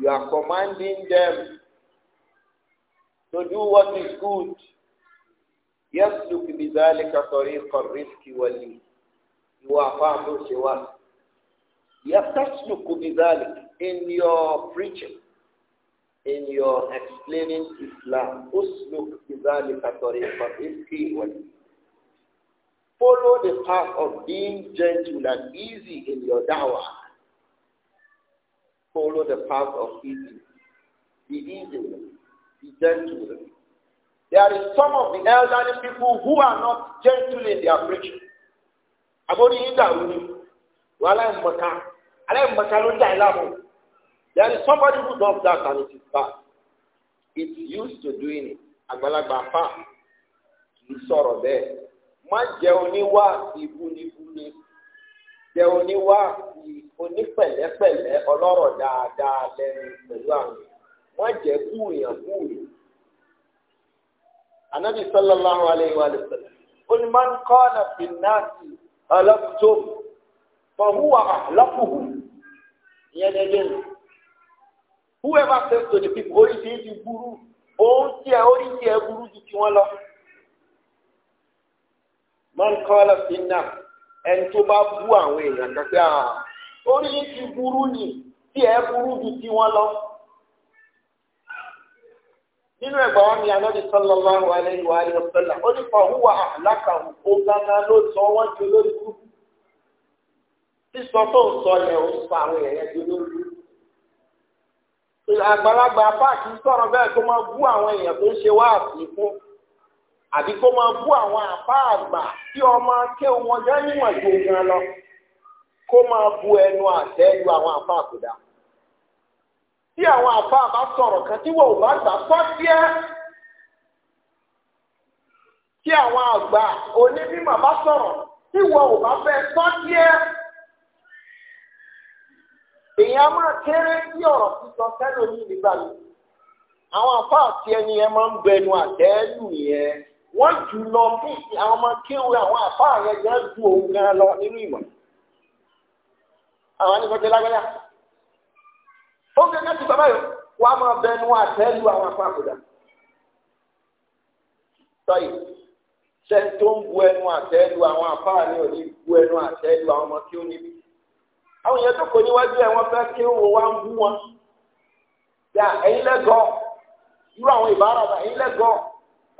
You are commanding them to do what is good. يسلك بذلك طريق الرزق واللي يوافع مرشوات يتسلك بذلك in your preaching in your explaining Islam أسلك follow the path of being gentle and easy in your da'wah follow the path of easy. Be easy. Be gentle. There is some of the elderly people who are not gentle in their preaching. I'm only Àbórí yín dàrú I'm wọ́n aláìmọ̀ká, aláìmọ̀ká ló dà láàmú. There is somebody who does that and it is bad. It's used to doing it. Àgbàlagbà fà kì í sọ̀rọ̀ Má jẹ́ oníwà ìbúnibúni jẹ oníwà onípẹ̀lẹ́pẹ̀lẹ́ ọlọ́rọ̀ dáadáa lẹ́nu pẹ̀lú àwọn wọ́n jẹ́ kúùyàn kúùyàn. anabi sallallahu alayhi wa sallam onímọ̀n kọ́ọ̀nà fìnnáàtì ọlọ́pùtòm fọ̀húwà lọ́pùhù ìyẹn ní ẹgbẹ́ mi. whoever says to the people orí ti di burú òun tí ẹ orí tí ẹ burú ju tiwọn lọ. mọ̀n kọ́ọ̀nà fìnnáàtì ẹni tó bá bú àwọn èèyàn kan pé à orí ti burú ni tí ẹ burú ju tí wọ́n lọ. nínú ẹgbà wọn ni anábì sallallahu alaihi wa alihi wasallam ó ní fa huwa ahlakahu ó gángan ló sọ wọn ju lórí kú. sísọ tó ń sọ yẹn ó sọ àwọn èèyàn ju lórí kú àgbàlagbà páàkì sọ̀rọ̀ bẹ́ẹ̀ tó máa bú àwọn èèyàn tó ń ṣe wáàsí fún àbí kó máa bú àwọn àbá àgbà tí ọmọ akéwọn wọn níwọ̀n ju gan lọ kó máa bu ẹnu àtẹ́ lu àwọn àbá àkùdá tí àwọn àbá àbá sọ̀rọ̀ kan tí wọn ò bá gbà fọ́fíẹ́ tí àwọn àgbà onímọ̀ bá sọ̀rọ̀ tí wọn ò bá fẹ́ fọ́fíẹ́ èèyàn máa kéré bí ọ̀rọ̀ sísọ sẹ́lómi nígbà mi àwọn àbá àti ẹni yẹn máa ń wọ́n jù lọ fún ìsìn àwọn ọmọ kéwù àwọn àfa yẹn gan ju òun gan lọ nínú ìmọ̀ àwọn anìkọ́jẹ́ lágbáyà ó ń gẹ́gẹ́ ti bàbá yìí wọ́n á máa bẹnu àtẹ́ lu àwọn àfa àkùdà sọ́yìn ṣe tó ń bu ẹnu àtẹ́ lu àwọn àfa bu ẹnu àtẹ́ lu àwọn ọmọ àwọn èèyàn tó níwájú ẹ̀ wọ́n fẹ́ wá ń bú wọn yà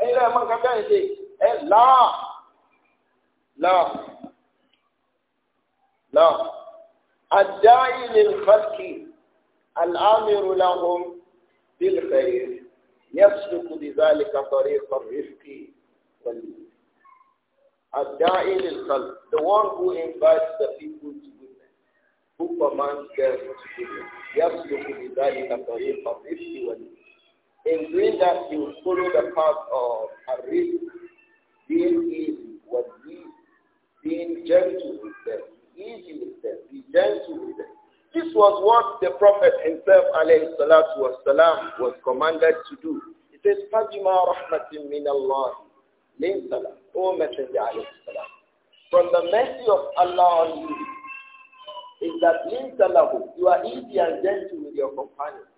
ẹ̀yin náà mọ nǹkan bẹ́ẹ̀ ṣe ẹ láà láà láà àdáyé lè fàkì alámìrú làwọn bíl fẹ̀yẹ̀ yẹ́sùkú bí záàlì kàtọ́rí kọ̀rífìkì lè fàkì the one who invites the people to goodness who commands them to goodness yẹ́sùkú bí záàlì kàtọ́rí kọ̀rífìkì wọlé. In doing that, you follow the path of Arif, being easy, what being gentle with them, easy with them, be gentle with them. This was what the Prophet himself, alayhi salatu was salam, was commanded to do. It says, Fajma rahmatin min Allah, min salam, O Messenger, alayhi salam. From the mercy of Allah on you is that min salahu, you are easy and gentle with your companions.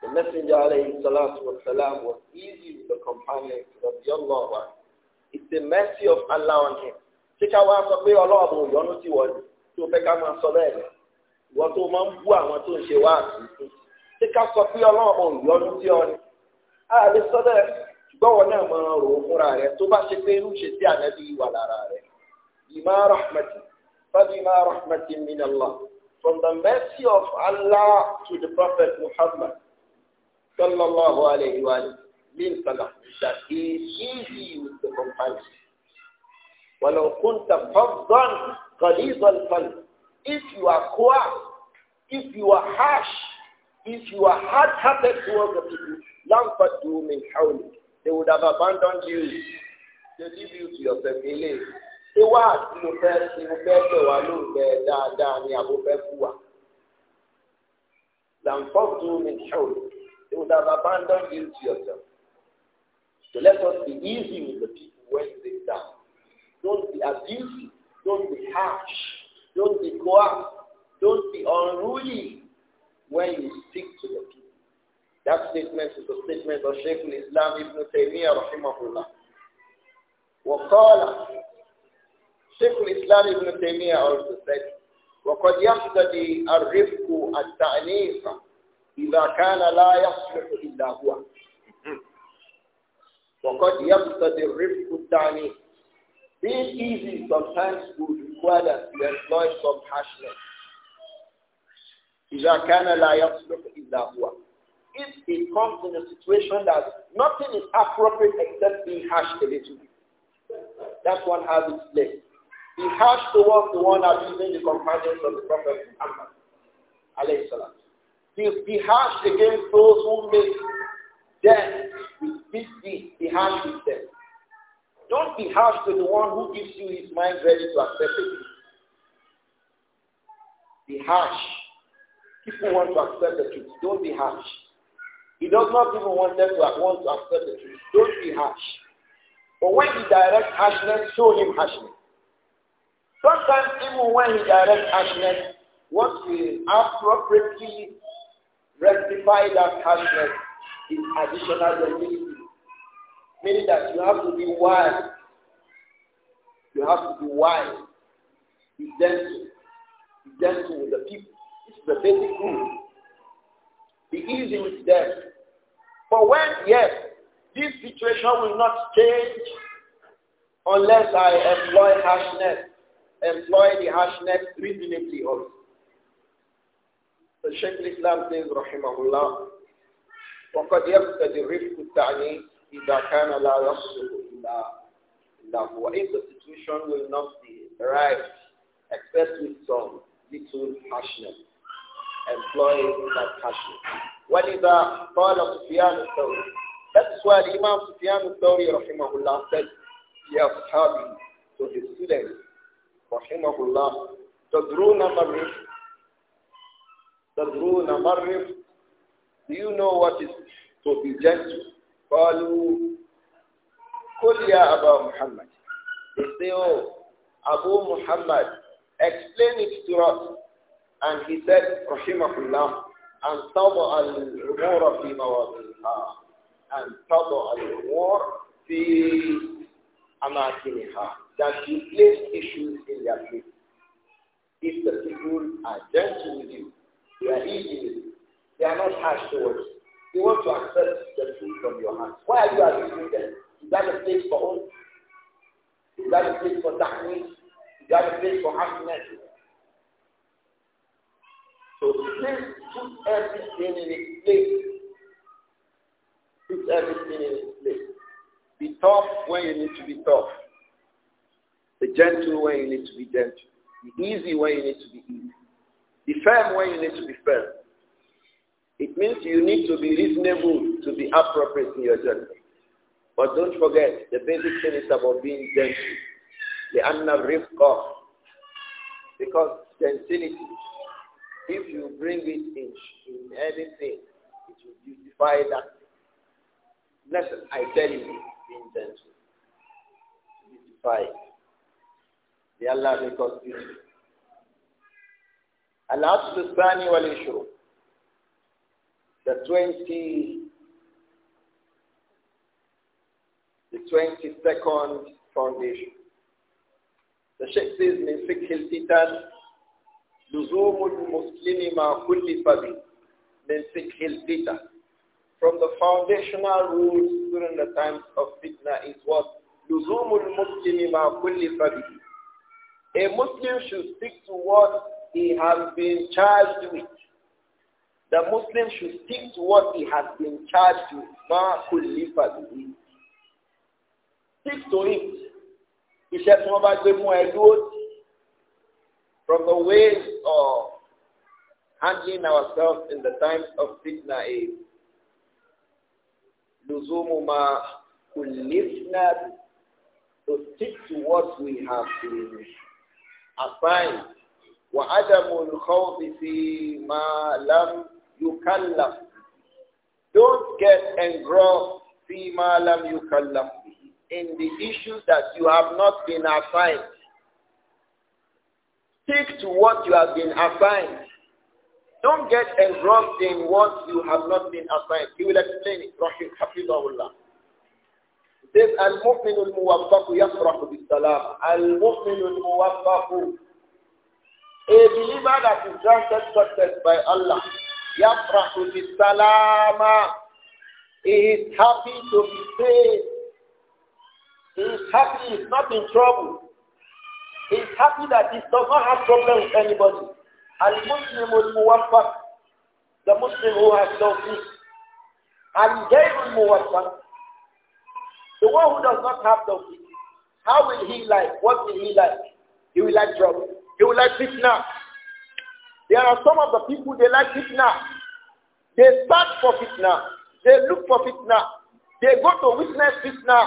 The Messenger alayhi salatu was easy with the companions of Allah. It's the mercy of Allah on him. Tíkà wá sọ Allah, ọlọ́wọ́ bò yọnu sí wọ́n tó fẹ́ ká máa sọ bẹ́ẹ̀ lọ. Ìwọ tó máa ń bú àwọn tó ń ṣe wá àtúntò. Tíkà sọ pé ọlọ́wọ́ bò yọnu sí ọ ni. A lè sọ bẹ́ẹ̀ ṣùgbọ́n wọn náà rò ó fúnra rẹ̀ tó bá ṣe pé irú ṣe sí ànábì wà lára rẹ̀. Bima rahmatin, fa bima rahmatin min Allah. From the mercy of Allah to the Prophet Muhammad sallallahu alayhi wa easy with the وَلَوْ كُنْتَ غَلِيظَ الْقَلْبِ If you are coarse, if you are harsh, if you are hard-hearted towards the people, لَنْفَدُّوا مِنْ حَوْلِكَ They would have abandoned you. They leave you to yourself. They ni they would have abandoned you to yourself. So let us be easy with the people when they down. Don't be abusive. Don't be harsh. Don't be coarse. Don't be unruly when you speak to the people. That statement is a statement of sheik al-Islam Ibn Taymiyyah rahimahullah. وقال شيخ الإسلام ابن تيمية also said وقد يقتضي الرفق التأنيف إذا كان لا يصلح إلا هو وقد يقتضي الرفق الثاني Being easy sometimes would require that you employ some harshness. إذا كان لا يصلح إلا هو If it comes in a situation that nothing is appropriate except being harsh a little bit, that one has its place. Be harsh towards the one abusing the companions of the Prophet Muhammad be harsh against those who make death with big deeds. Be harsh with them. Don't be harsh to the one who gives you his mind ready to accept it. Be harsh. People want to accept the truth. Don't be harsh. He does not even want them to want to accept the truth. Don't be harsh. But when he directs harshness, show him harshness. Sometimes even when he directs harshness, what we appropriately rectify that harshness is additional humility. Meaning that you have to be wise. You have to be wise. Be gentle. Be gentle with the people. It's the basic rule. Be easy with them. But when, yes, this situation will not change unless I employ harshness, employ the harshness reasonably also. The sheik al-Islam says, rahimahullah, وَقَدْ يَبْتَدِ الرِّفْقُ التَّعْنِيفِ إِذَا كَانَ لَا يَصْلُهُ إِلَّا If the situation will not be right, except with some little passion, employ that harshness. وَلِذَا قَالَ سُفْيَانُ الثَّوْرِ That's why Imam Sufyan al-Thawri rahimahullah said, يَصْحَابِي to his students, rahimahullah, تَدْرُونَ مَرِّفْقُ تَدْرُونَ مَرِّفْ Do you know what is to be gentle? قَالُوا قُلْ يَا أَبَا مُحَمَّدٍ They say, oh, Abu Muhammad, explain it to us. And he said, رحمه الله, أن تضع الأمور في مواضعها أن تضع الأمور في أماكنها that you place issues in their place. If the people are gentle with you, they are easy. They are not harsh towards you. They want to accept the food from your hand. Why are you asking them? Is that a place for hope? Is that a place for darkness? Is that a place for happiness? So please put everything in its place. Put everything in its place. Be tough when you need to be tough. Be gentle when you need to be gentle. Be easy when you need to be easy. Be firm when you need to be firm. It means you need to be reasonable to be appropriate in your journey. But don't forget, the basic thing is about being gentle. The anna rifqa. Because gentility, if you bring it in, in anything, it will justify that. Listen, I tell you, being gentle. justify. The Allah records beautiful. Al-Asl Thani wal issue, The 20, the 22nd foundation. The Sheikh says, من فقه الفتن لزوم المسلم ما كلف به من فقه الفتن. From the foundational rules during the times of fitna is what? لزوم المسلم ما كلف به. A Muslim should stick to what he has been charged with. The Muslim should stick to what he has been charged with. Ma kullifa bihi. Stick to it. Iṣẹ́ tí wọ́n bá gbé from the ways of handling ourselves in the times of fitna is لزوم ما to stick to what we have been assigned وعدم الخوض فيما لم يكلف Don't get engrossed فيما لم يكلف in the issues that you have not been assigned. Stick to what you have been assigned. Don't get engrossed in what you have not been assigned. He will explain it. Rahimahullah. Says al-mu'min al-muwaffaq yafrahu bis-salam. Al-mu'min al a believer that is granted success by Allah, Yafrahu Salama, he is happy to be saved. He is happy, he is not in trouble. He is happy that he does not have problem with anybody. Al-Muslim al-Muwaffaq, the Muslim who has no peace. Al-Gayr muwaffaq the one who does not have no peace. How will he like? What will he like? He will like trouble. They will like fitna. There are some of the people, they like fitna. They search for fitna. They look for fitna. They go to witness fitna.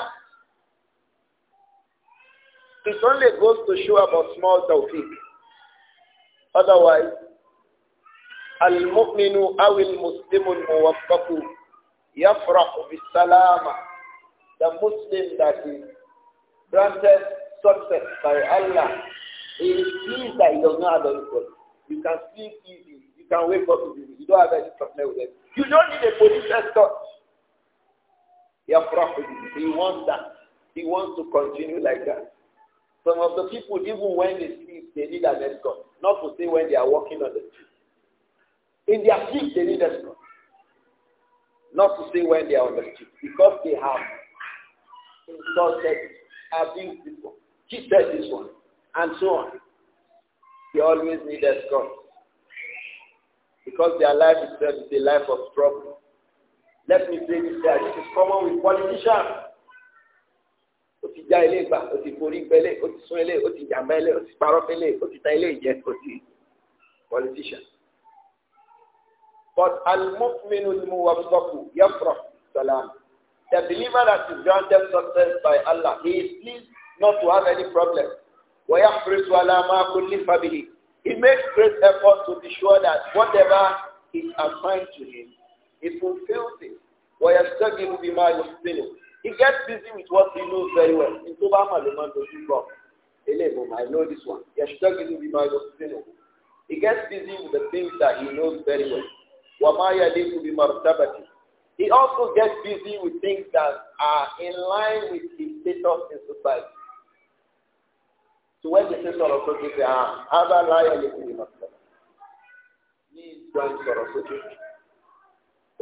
It only goes to show about small tawfiq. Otherwise, المؤمن أو المسلم الموفق يفرح بالسلامة The Muslim that is granted success by Allah it means that you don't know how to do You can sleep easy. You can wake up easy. You don't have any problem with it. You don't need a police escort. Your prophet, he wants that. He wants to continue like that. Some of the people, even when they sleep, they need an escort. Not to say when they are walking on the street. In their sleep, they need escort. Not to say when they are on the street. Because they have insulted, abused people. He said this one and so on. They always need God. because their life itself is a life of trouble. Let me say this there. This is common with politicians. gbà, forí gbẹ́lé, sún jàmbá ta ìjẹ́, politician. But al-mu'minu al-muwaffaqu yafrah salam. The believer that is granted success by Allah, he is pleased not to have any problem. وَيَحْرِصُ عَلَى مَا كُلِّفَ بِهِ He makes great effort to be sure that whatever is assigned to him, he fulfills it. وَيَسْتَغِلُ بِمَا يُحْسِنُ He gets busy with what he knows very well. In Toba Malaman Dojibba, Elebom, I know this one. يَسْتَغِلُ بِمَا يُحْسِنُ He gets busy with the things that he knows very well. وَمَا يَلِيقُ بِمَرْتَبَتِهِ He also gets busy with things that are in line with his status in society. So when the say sọ̀rọ̀ sókè say ah ábá láyọ̀ lè kiri màtọ́. Ní ìgbà sọ̀rọ̀ sókè.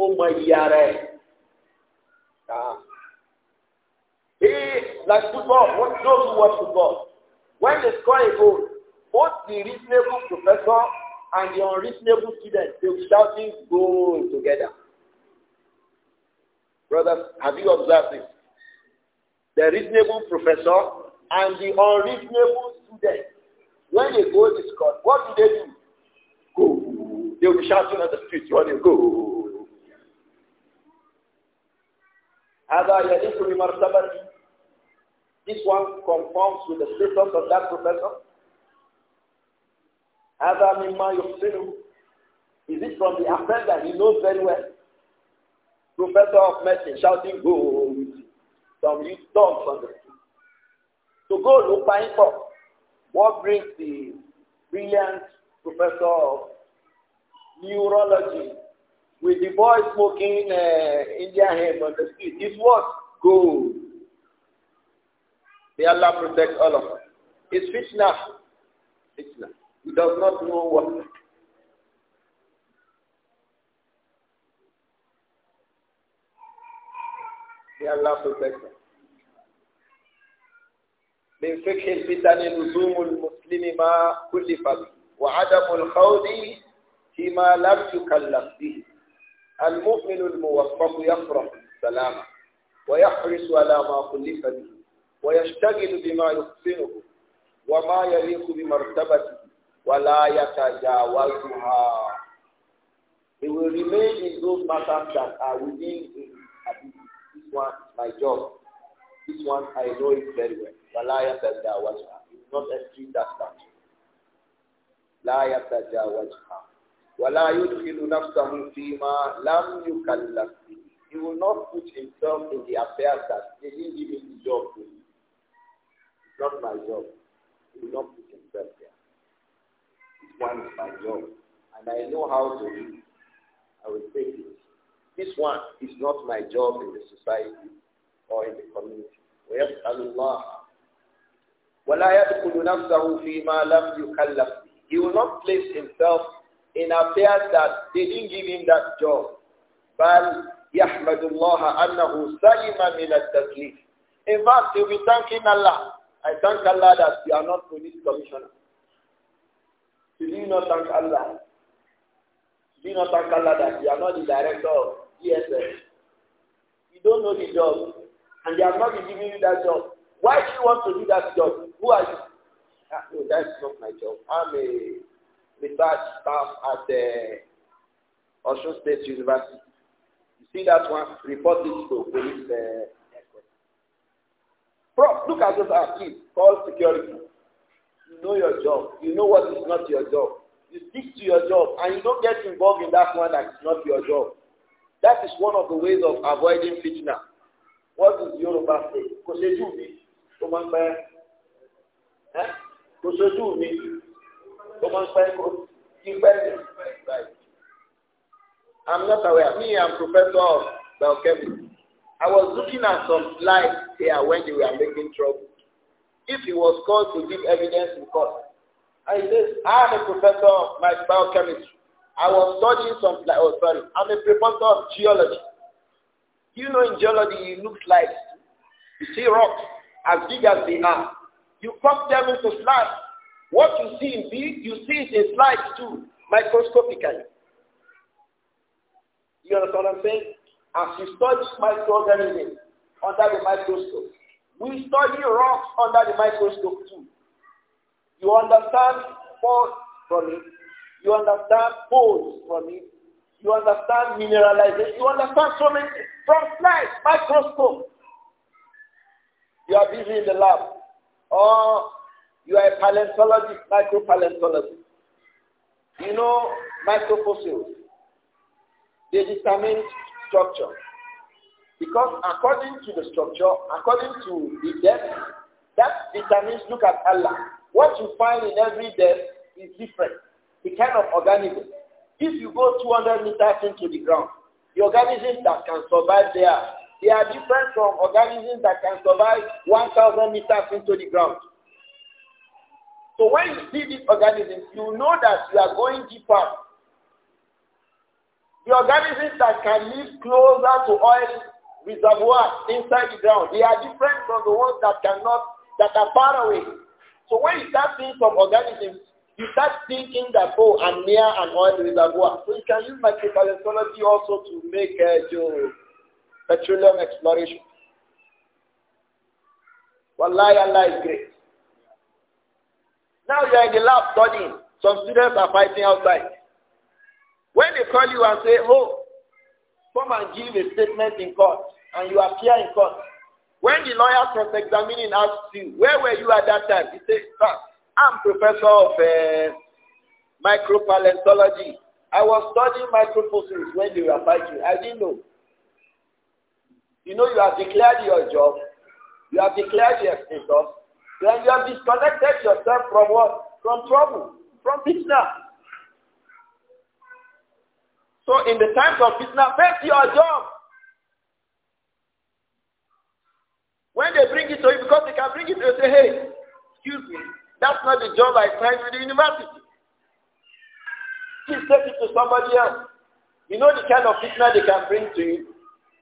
Ó mọ iye ara ẹ̀. Ee like football what those who watch football when the score a goal both the reasonable professor and the unreasonable student they shouting goal together. Brothers, have you observed this? The reasonable professor and the unreasonable student, when they go to school, what do they do? Go. They will be shouting at the streets when they go. This one conforms with the status of that professor. هذا my يحسنه Is it from the offense that he knows very well? Professor of medicine shouting, go! Some youth dogs on the so go look find for what brings the brilliant professor of neurology with the boy smoking uh, Indian hemp on the street. It's what? Gold. May Allah protect all of us. It's fitna. Fitna. He does not know what. May Allah protect us. من فقه الفتن لزوم المسلم ما كلف به وعدم الخوض فيما لم يكلف به المؤمن الموفق يفرح بالسلامة ويحرص على ما كلف به ويشتغل بما يحسنه وما يليق بمرتبته ولا يتجاوزها He will remain in those matters that are within his ability. This one is my job. This one, I know it very well. وَلَا يَتَجَاوَزْهَا It's not a street that statue. لَا يَتَجَاوَزْهَا وَلَا يُدْخِلُ نَفْسَهُ فِي مَا لَمْ يُكَلَّفْ بِهِ He will not put himself in the affairs that they didn't give him the job to. It's not my job. He will not put himself there. This one is my job. And I know how to do it. I will take it. This one is not my job in the society or in the community. ويسأل الله ولا يدخل نفسه فيما لم يكلف He will not place himself in affairs that they didn't give him that job. بل يحمد الله أنه سلم من التكليف. In fact, he'll be thanking Allah. I thank Allah that you are not police commissioner. Do you not thank Allah? Do you not thank Allah that you are not the director of DSS? You don't know the job and they have not been giving you that job. Why do you want to do that job? Who are you? Ah, no, that is not my job. I'm a research staff at the uh, Osun State University. You see that one? Report it to police uh, look at those kids. Call security. You know your job. You know what is not your job. You stick to your job and you don't get involved in that one that is not your job. That is one of the ways of avoiding fitna. what is Yorùbá say kò ṣojú mi ó máa ń pẹ́ ẹ́ kò ṣojú mi ó máa ń pẹ́ kó kí pẹ́ mi. I'm not aware. Me, I'm professor of biochemistry. I was looking at some slides here when they were making trouble. If he was called to give evidence in court, I said, I am a professor of my biochemistry. I was studying some, oh sorry, I'm a professor of geology. You know in geology it looks like you see rocks as big as they are. You cut them into slabs. What you see in big, you see it in slides too, microscopically. You understand what I'm saying? As you study microorganisms under the microscope, we study rocks under the microscope too. You understand faults from it. You understand folds from it. You understand mineralization. You understand so many things. From slides, microscope. You are busy in the lab. Or you are a paleontologist, micropaleontologist. You know microfossils. They determine structure. Because according to the structure, according to the depth, that determines, look at Allah. What you find in every depth is different. The kind of organism. If you go 200 meters into the ground, the organisms that can survive there, they are different from organisms that can survive 1,000 meters into the ground. So when you see these organisms, you know that you are going deeper. The organisms that can live closer to oil reservoirs inside the ground, they are different from the ones that cannot, that are far away. So when you start seeing some organisms, you start thinking that, oh, I'm near an oil reservoir. So you can use microbiology also to make uh, your petroleum exploration. Wallahi, Allah is great. Now you are in the lab studying. Some students are fighting outside. When they call you and say, oh, come and give a statement in court, and you appear in court. When the lawyer cross-examining asks you, where were you at that time? You say, sir, I'm professor of uh, micropaleontology. I was studying microfossils when they were fighting. I didn't know. You know, you have declared your job. You have declared your status. Then you have disconnected yourself from what? From trouble. From fitna. So in the times of fitna, face your job. When they bring it to you, because they can bring it to you, say, hey, excuse me, That's not the job I signed with the university. Please take it to somebody else. You know the kind of fitna they can bring to you.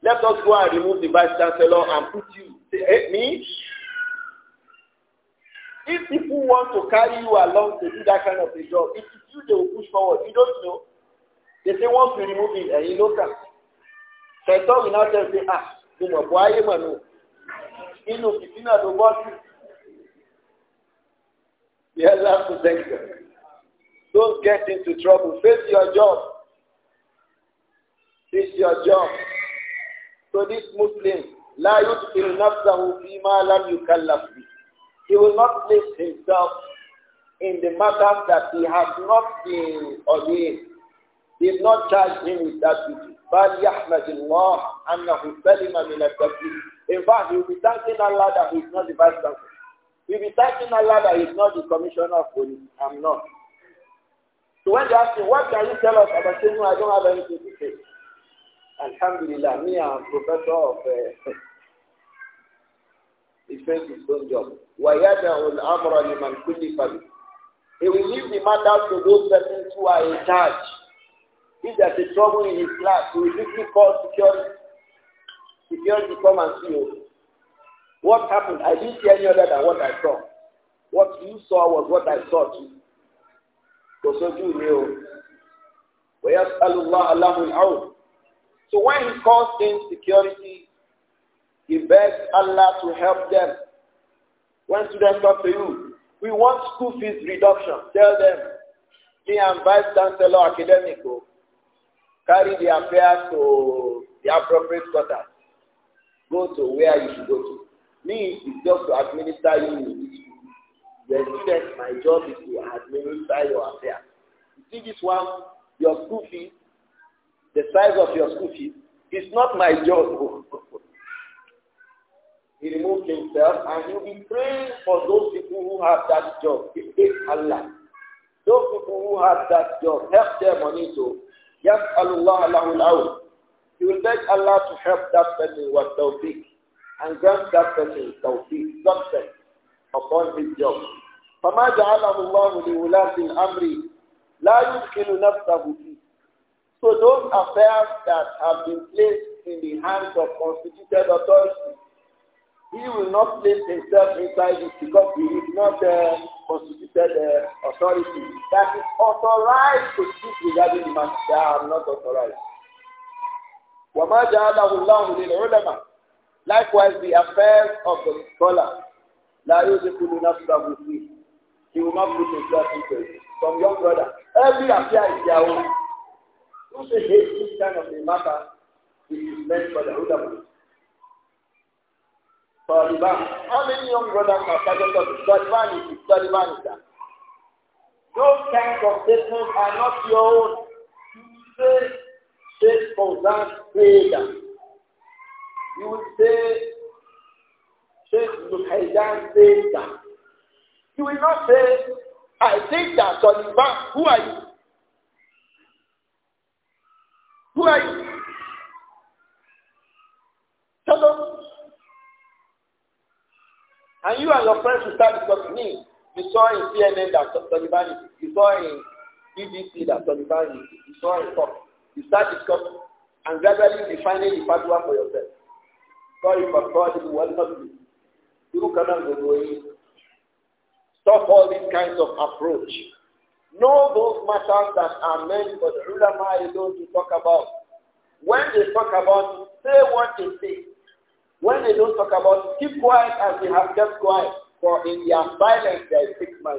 Let us go and remove the vice chancellor and put you. Say, eh, hey, me? If people want to carry you along to do that kind of a job, it is you they will push forward. You don't know. They say once we remove him, and eh, you know that. thought we now tell you, ah, you know, why am I You know, if you know the boss. have to thank them. Don't get into trouble. Face your job. Face your job. So this Muslim, لا يدخل نفسه فيما لم يكلف به. He will not place himself in the matter that he has not been ordained. He is not charged him with that duty. بل يحمد الله أنه سلم من التكليف. In fact, he will be thanking Allah that he is not the vice we will be thanking Allah that is he's not the commissioner of police. I'm not. So when they ask me, what can you tell us about saying I don't have anything to say? Alhamdulillah, me, I'm professor of uh, defense his own job. وَيَدَعُ الْأَمْرَ لِمَنْ كُلِّفَ بِهِ He will leave the matter to those persons who are in charge. If there's a trouble in his class, he will quickly call security. Security come and see you. What happened? I didn't see any other than what I saw. What you saw was what I saw too. So sójú mi o. So when he calls insecurity, he begs Allah to help them. When students come to you, we want school fees reduction. Tell them, me and Vice Chancellor Academico oh, carry the affairs to the appropriate quarter. Go to where you should go to. Me is just to administer you The student, my job is to administer your affairs. You see this one, your school fees, the size of your school fees, is not my job. he removed himself and he'll be praying for those people who have that job. It takes Allah. Those people who have that job, help their money to oh. Yes, Allah, Allah, Allah. He will beg Allah to help that person with tawfiq and grant that person tawfiq, success upon his job. فما جعله الله لولاة الأمر لا يدخل نفسه فيه. So those affairs that have been placed in the hands of constituted authorities, he will not place himself inside it because he is not a constituted uh, authority. That is authorized to speak regarding the matter. They are not authorized. وما جعله الله للعلماء Likewise, the affairs of the scholar, La Yosefulu Nafsahu he will not put himself into it. Some young brother, every affair is their own. Who say hate this kind of a matter which is meant for the ulama? For Taliban, how many young brothers are targeted of Taliban is Taliban is that? Those kinds of statements are not your own. You say, say, for that them you will say say, I don't says that. You will not say, I think that Sullivan, who are you? Who are you? Hello? And you and your friends will start discussing me. You saw in CNN that Sullivan is, you saw in BBC that Sullivan is, you saw in talk. You start discussing and gradually defining the one for yourself. طرف الطالب والمطلوب irú kan náà stop all these kinds of approach know those matters that are meant for the ulama alone to talk about when they talk about say what they say when they don't talk about keep quiet as they have kept quiet for in their silence there is hikmah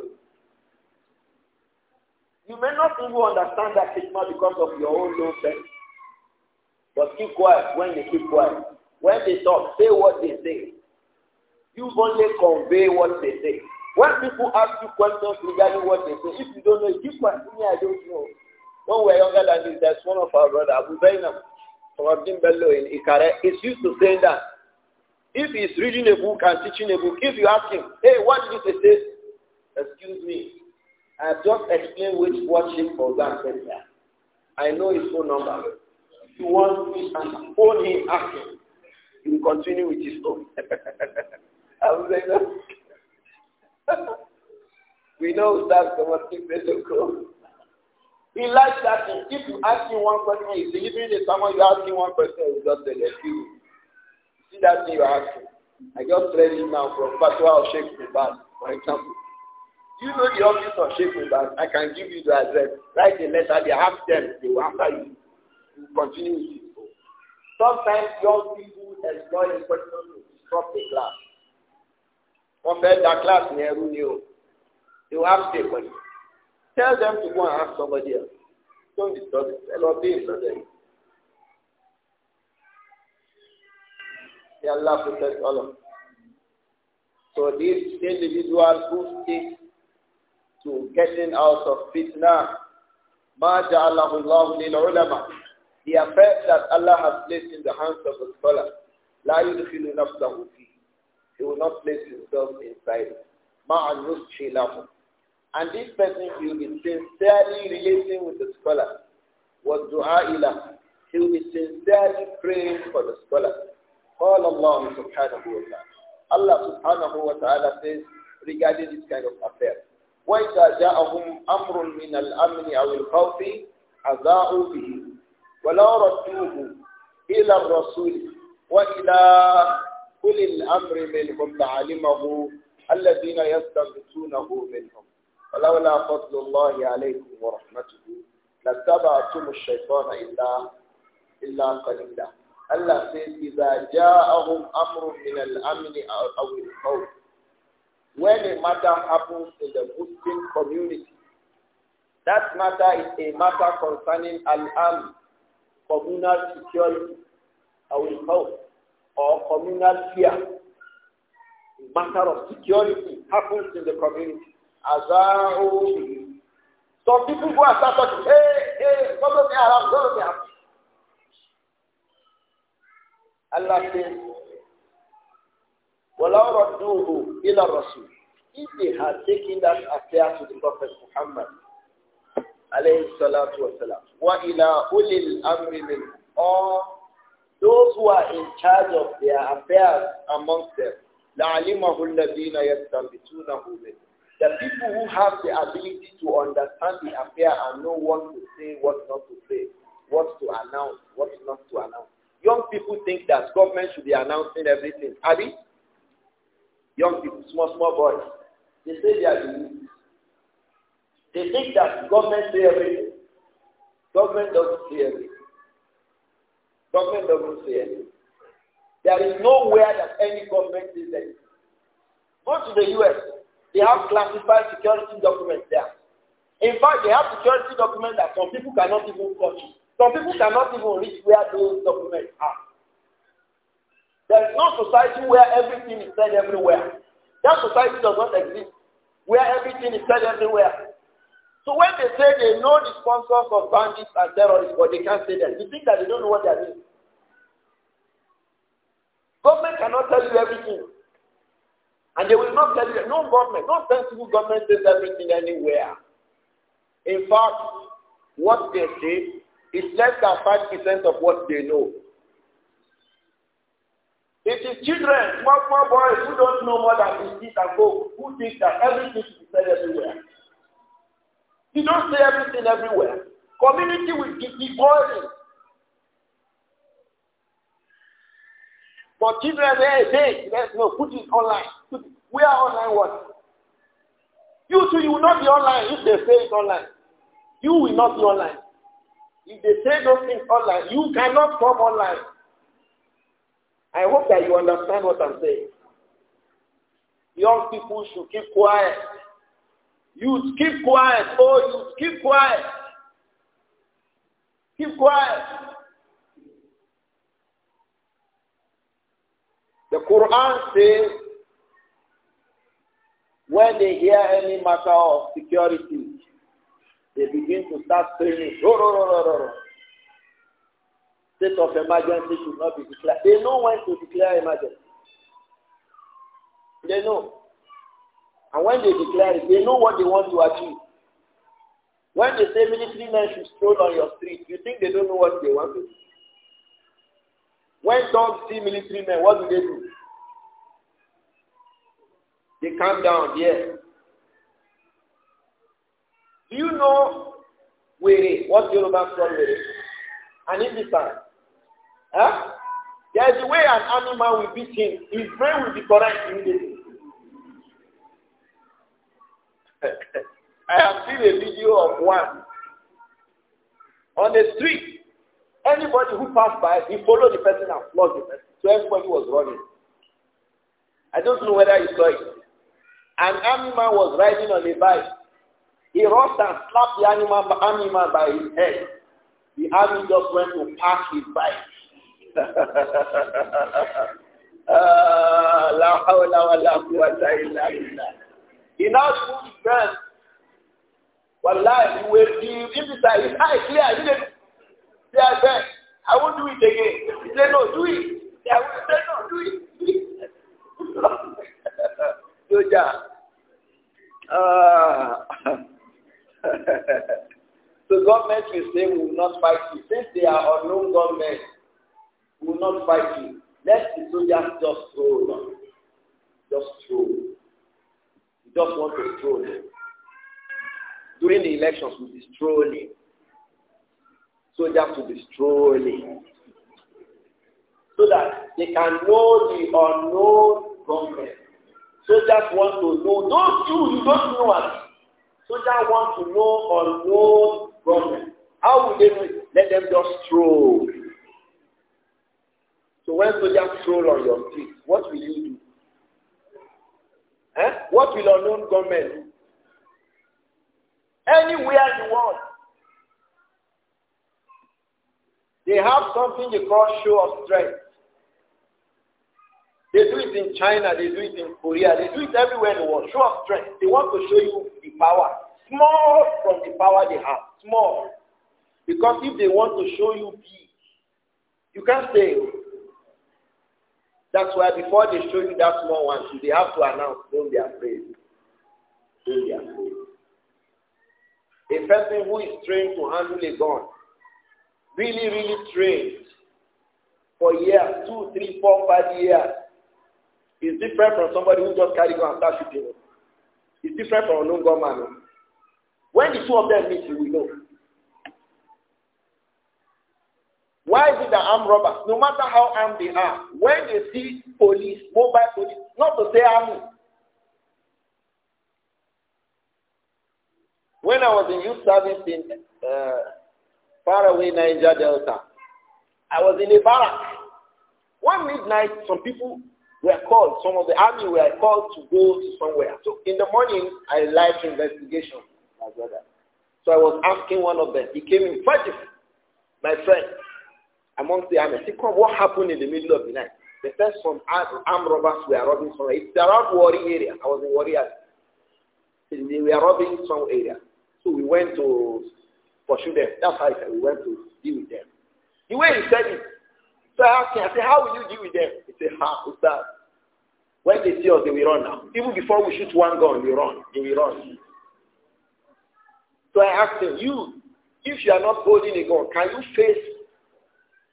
you may not even understand that hikmah because of your own nonsense. but keep quiet when you keep quiet when they talk, say what they say. You only convey what they say. When people ask you questions regarding what they say, if you don't know, just say, I don't know. When we are younger than this, that's one of our brother, Abu Zainab, from Abdin Bello in Ikare, is used to saying that. If he's reading a book and teaching a book, if you ask him, hey, what did he say? Excuse me, I just explained which what Sheikh Fauzan said I know his phone number. If you want me, phone him, ask him he will continue with his story. I was own. we know that someone one thing they don't go. He likes that If you ask him one question, he's delivering the someone you ask him one question, he's just the you. See that thing you're asking. I just read it now from Fatwa of Sheikh Mubarak, for example. do You know the office of Sheikh Mubarak. I can give you the address. Write the letter. They have them. They will answer you. You continue with it. Sometimes young people employ a question to disrupt the class. Wọ́n fẹ́ class ní ẹrú ni You have to Tell them to go and ask somebody else. Don't disturb it. Ẹ lọ bí ìsọdẹ yìí. May Allah protect all of us. So this individual who stick to getting out of fitna, ما جعله الله للعلماء The affair that Allah has placed in the hands of the scholar, لا يدخل He will not place himself inside it. مع النصح And this person will be sincerely relating with the scholar. والدعاء له. He will be sincerely praying for the scholar. Allah Subhanahu wa Taala. Allah subhanahu wa ta'ala says regarding this kind of affair. وَإِذَا جَاءَهُمْ أَمْرٌ مِنَ الْأَمْنِ أَوِ الْخَوْفِ أَذَاعُوا بِهِ ولا ردوه إلى الرسول وإلى كل الأمر منهم لعلمه الذين يستنبطونه منهم ولولا فضل الله عليكم ورحمته لاتبعتم الشيطان إلا إلا قليلا ألا إذا جاءهم أمر من الأمن أو الخوف When a matter happens in the Muslim community, that matter is a matter concerning al-amn, communal security, our help, or communal fear. The matter of security happens in the community. Azaru. Some people go and start talking, hey, hey, follow me around, follow me around. Allah says, وَلَوْ رَدُّوهُ إِلَى الرَّسُولِ If they had taken that affair to the Prophet Muhammad, alayhi salatu wasalam, wa ila ulil amri min, those who are in charge of their affairs amongst them, لَعَلِمَهُ الَّذِينَ يَسْتَنْبِتُونَهُ مِنْ The people who have the ability to understand the affair and know what to say, what not to say, what to announce, what not to announce. Young people think that government should be announcing everything. Abi, young people, small, small boys, they say they are the they think that government say everything. Government doesn't say everything. Government doesn't say anything. There is nowhere that any government is there. Go to the US. They have classified security documents there. In fact, they have security documents that some people cannot even touch. Some people cannot even reach where those documents are. There is no society where everything is said everywhere. That society does not exist. Where everything is said everywhere. So when they say they know the sponsors of bandits and terrorists, but they can't say that, you think that they don't know what they are doing. Government cannot tell you everything. And they will not tell you, no government, no sensible government says everything anywhere. In fact, what they say is less than 5% of what they know. It is children, small, small boys who don't know more than his feet and go, who think that everything should be said everywhere. You don't say everything everywhere. Community will be the But For children, hey, hey, let's no, put it online. We are online what? You too, you will not be online if they say it online. You will not be online. If they say those things online, you cannot come online. I hope that you understand what I'm saying. Young people should keep quiet. You keep quiet. Oh, you keep quiet. Keep quiet. The Quran says, when they hear any matter of security, they begin to start screaming, ro, ro, ro, ro, ro. State of emergency should not be declared. They know when to declare emergency. They know. And when they declare it, they know what they want to achieve. When they say military men should stroll on your street, you think they don't know what they want to do? When dogs see military men, what do they do? They calm down, yes. Do you know where? what Yoruba call Were? An instant. Huh? There is a way an animal will beat him. His brain will be correct immediately. I have seen a video of one on the street. Anybody who passed by, he followed the person and flogged the person. So everybody was running. I don't know whether you saw it. An animal was riding on a bike. He rushed and slapped the animal, animal by his head. The army just went to pass his bike. uh, He now removed his hand. Wallahi, you will you emphasize his eye clear. He didn't say, I said, I won't do it again. He said, no, do it. I He said, no, do it. Soja. Ah. so government will say we will not fight you. Since they are unknown government, we will not fight you. Let the soldiers just roll on. Just roll. just want to stroll. During the elections, we'll be strolling. Soldiers will be strolling. So that they can know the unknown government. Soldiers want to know those two you don't know us. Soldiers want to know unknown government. How will they Let them just stroll. So when soldiers stroll on your feet, what will you do? Eh? What will unknown government do? Anywhere in the world, they have something they call show of strength. They do it in China, they do it in Korea, they do it everywhere in the world. Show of strength. They want to show you the power. Small from the power they have. Small. Because if they want to show you big, you can't say, that's why before they show you that small one, so they have to announce, don't be afraid. Don't be afraid. A person who is trained to handle a gun, really, really trained for years, two, three, four, five years, is different from somebody who just carry gun and start shooting. It's different from a non-gunman. When the two of them meet, you will know. Why is it that armed robbers, no matter how armed they are, when they see police, mobile police, not to say army. When I was in youth service in uh, faraway Niger Delta, I was in a barrack. One midnight, some people were called, some of the army were called to go to somewhere. So in the morning, I led investigation, my brother. So I was asking one of them. He came in, Fajif, my friend amongst the army. See, come, what happened in the middle of the night? The first some armed robbers were robbing somewhere. It's around Wari area. I was in Wari area. They were robbing some area. So we went to pursue them. That's how I said we went to deal with them. The way he said it, so I asked him, I said, how will you deal with them? He said, how? What's that? When they see us, they will run now. Even before we shoot one gun, they run. They will run. So I asked him, you, if you are not holding a gun, can you face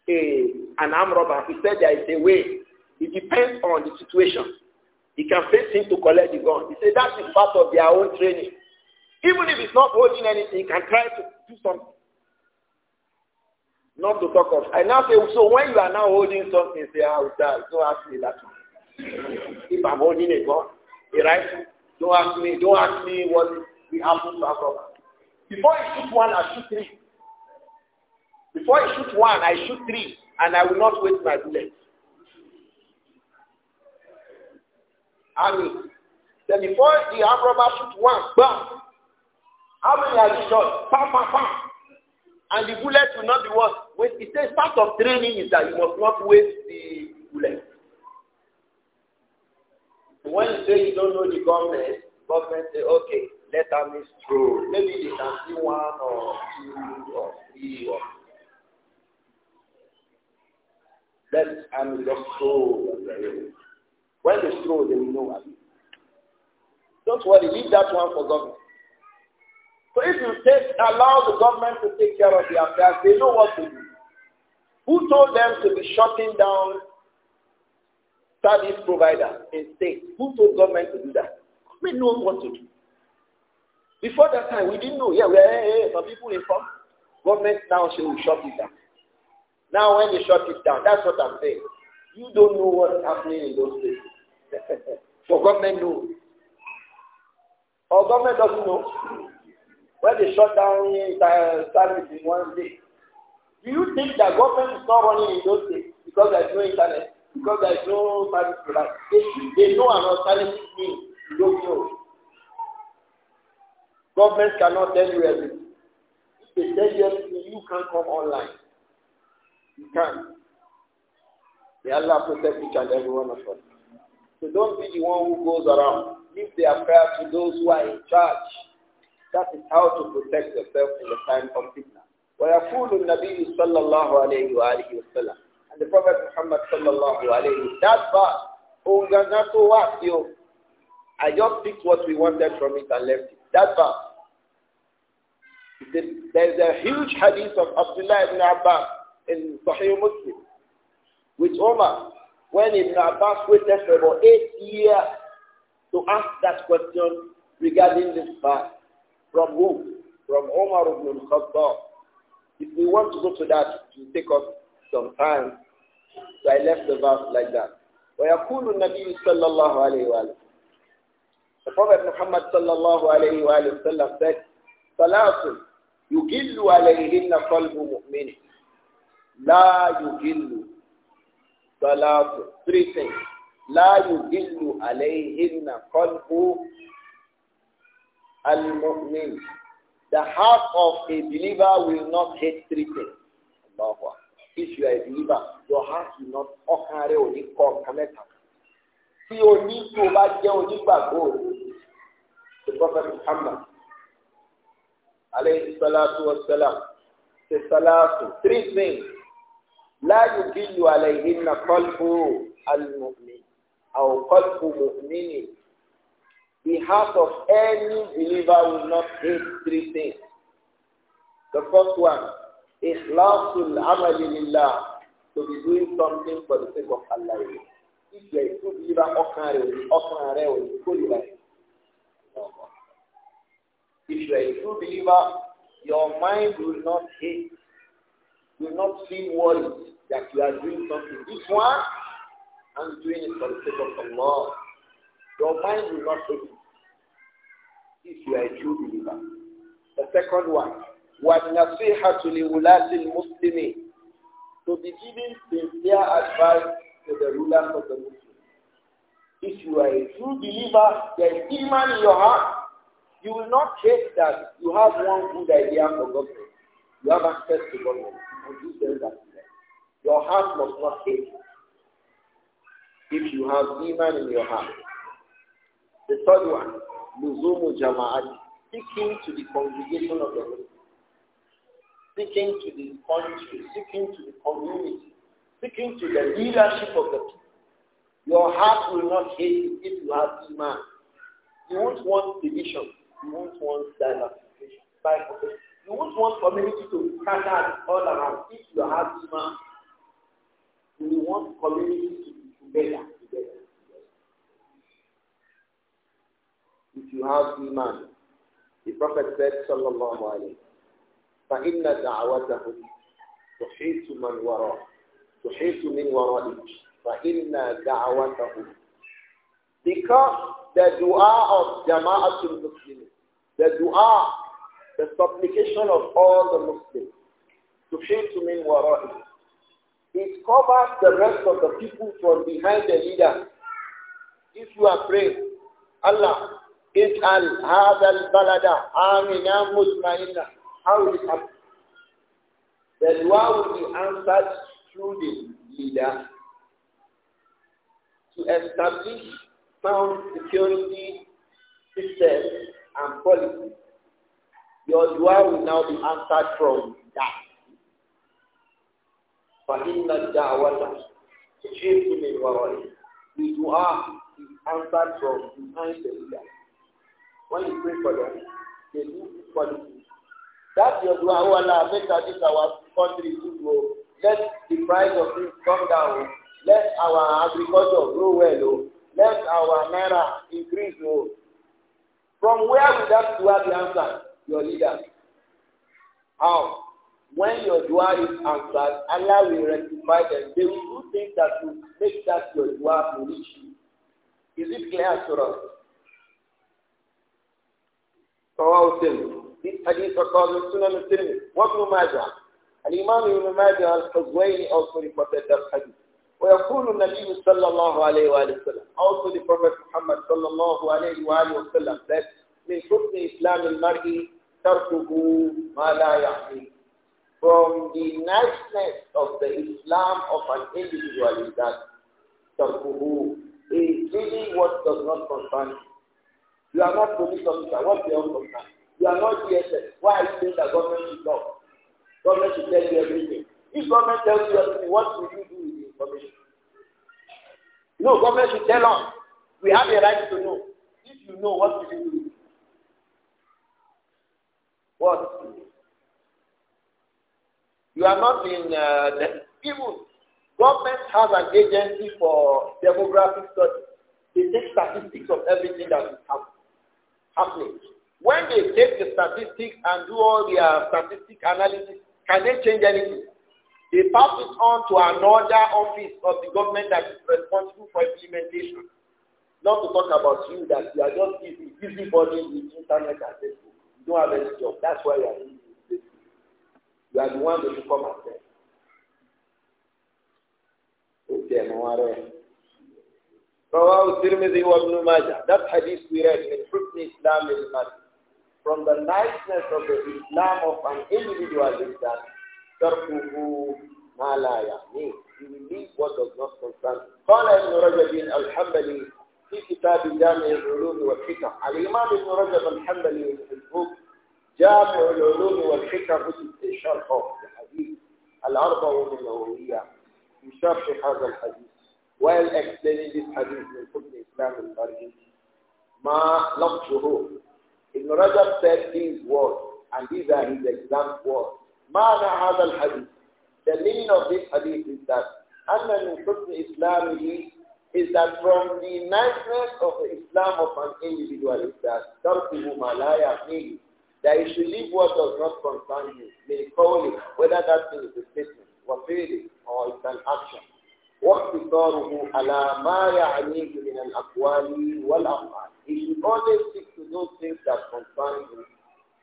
a, an armed robber, he said there is a way. It depends on the situation. He can face him to collect the gun. He said that is part of their own training. Even if he's not holding anything, he can try to do something. Not to talk of. I now say, so when you are now holding something, say, oh, don't ask me that one. If I'm holding a gun, a rifle, don't ask me, don't ask me what we have to have. Before you shoot one, I shoot three. Before I shoot one, I shoot three, and I will not waste my bullets. I mean, then before the arm robber shoots one, bam! How many are you shot? Pam, pam, pam! And the bullet will not be worth. When it says part of training is that you must not waste the bullet. When you say you don't know the government, government say, okay, let them through. Maybe they can see one or two or three or Let army just stroll on When they throw, they will know Abi. Don't worry, leave that one for government. So if you take, allow the government to take care of the affairs, they know what to do. Who told them to be shutting down service providers? in states? Who told government to do that? We know what to do. Before that time, we didn't know. Yeah, we are, hey, hey, some people inform. Government now should shut it down. Now when they shut it down, that's what I'm saying. You don't know what's happening in those places. so government knows. Our government doesn't know. When they shut down entire service in one day, do you think that government is not running in those days because there's no internet, because there's no service product? They, they know an alternative means. You don't know. Government cannot tell you everything. If they tell you everything, you can't come online. You can. May Allah protect each and every one of us. So don't be the one who goes around. Give the affair to those who are in charge. That is how to protect yourself in the time of fitna. ويقول النبي صلى الله عليه وآله وسلم and the Prophet Muhammad صلى الله عليه that part, Unganato Wasio I just picked what we wanted from it and left it that part. there is a huge hadith of Abdullah ibn Abbas in Sahih Muslim with Omar when Ibn Abbas waited for about eight years to ask that question regarding this verse. From whom? From Omar ibn al-Khattab. If we want to go to that, it will take us some time. So I left the verse like that. ويقول النبي صلى الله عليه وآله The Prophet Muhammad صلى الله عليه وآله وسلم said, ثلاث يجل عليهن قلب láàyò gílù gbalaafo three things láàyò gílù alẹ́ ìhìnnà kọ́lùkù alimọ́mìn the heart of a believer will not hate three things. If you are a believer, your heart will not ọkàn rẹ ò ní kọ nǹkan Tí o ní tí o bá jẹ́ onígbàgbọ́ the prophet Muhammad alayhi salatu wa salam ṣe salatu three things. لا يدل عليهن قلب المؤمن أو قلب مؤمن The of any believer will not hate three things. The first one, ikhlasul amali lillah, to be doing something for the sake of Allah. If you are a true believer, ọkàn rẹ̀ òní, ọkàn rẹ̀ òní, If you are a true believer, your mind will not hate will not feel worried that you are doing something. This one, I'm doing it for the sake of Allah. Your mind will not take if you are a true believer. The second one, وَالنَّصِيحَةُ لِوُلَاةِ الْمُسْلِمِينَ To be giving sincere advice to the rulers of the Muslims. If you are a true believer, there is iman in your heart, you will not hate that you have one good idea for government. You have access to government. Your heart must not hate if you have iman in your heart. The third one, luzumu jama'at, speaking to the congregation of the Muslims, speaking to the country, sticking to the community, speaking to the leadership of the people. Your heart will not hate if you have iman. You won't want division. You won't want diversification. You won't want community to scattered all around. If you have demand, you want community to be together, together, together. If you have demand, the Prophet said, sallallahu alaihi." فَإِنَّ دَعْوَتَهُ تُحِيطُ مَنْ وراء تُحِيطُ مِنْ وَرَائِهِ فَإِنَّ دَعْوَتَهُ Because the dua of Jama'atul Muslimin, the dua the supplication of all the Muslims. to Tushitu min wara'i. It covers the rest of the people from behind the leader. If you are praying, Allah, al hadal balada آمنا مطمئنا. How will it happen? The dua will be answered through the leader to establish sound security system and policy Your dua will now be answered from that. فَإِنَّ الدَّعْوَةَ تُجِيبُ مِنْ وَرَائِهِ The dua is answered from behind the leader. When you pray for them, they do you. That's your dua, oh Allah, make this our country good, oh. Let the price of things come down, Let our agriculture grow well, oh. Let our naira increase, oh. From where will that dua be answered? your leader. How? When your dua is answered, Allah will rectify them. They will do things that will make that your dua will reach you. Is it clear to us? رواه الترمذي في حديث وقال السنن الترمذي وابن ماجه الإمام ابن ماجه the أو في الحديث ويقول النبي صلى الله عليه وآله وسلم also the Prophet Muhammad صلى الله عليه وآله وسلم that من حسن إسلام المرء تركه ما لا يحمي from the niceness of the Islam of an individual is that تركه is really what does not concern you. are not police officer, what beyond concern? You are not DSS. Why is it that government should not? Government should tell you everything. If government tells you everything, what will you do with the information? No, government should tell us. We have the right to know. If you know, what will you do What? You are not in uh, the even government has an agency for demographic studies. They take statistics of everything that is happening. When they take the statistics and do all their statistic analysis, can they change anything? They pass it on to another office of the government that is responsible for implementation. Not to talk about you that you are just busy, busy body with internet access don't have any job. That's why you are in this place. You are the one that should come and say. Okay, Maware. رواه That hadith we read in Husn Islam al Masjid. From the niceness of the Islam of an individual is that تركه ما لا يعنيه. He will leave what does not concern. قال في كتاب جامع العلوم والحكم على الإمام ابن رجب الحنبلي والحزبوك جامع العلوم والحكم في شرحه الحديث الأربعة النووية يشرح هذا الحديث while explaining this hadith in Qutb Islam al-Barji ما لفظه ابن رجب said these words and these are his exact words معنى هذا الحديث The meaning of this hadith is that أن من حسن إسلامه is that from the niceness of the Islam of an individual is that people malaya mean That you should leave what does not concern you. May call it, whether that thing is a statement, وَفِيلِ or it's an action. واقتصاره على in al-akwali wal والأفعال. He should always stick to those things that concern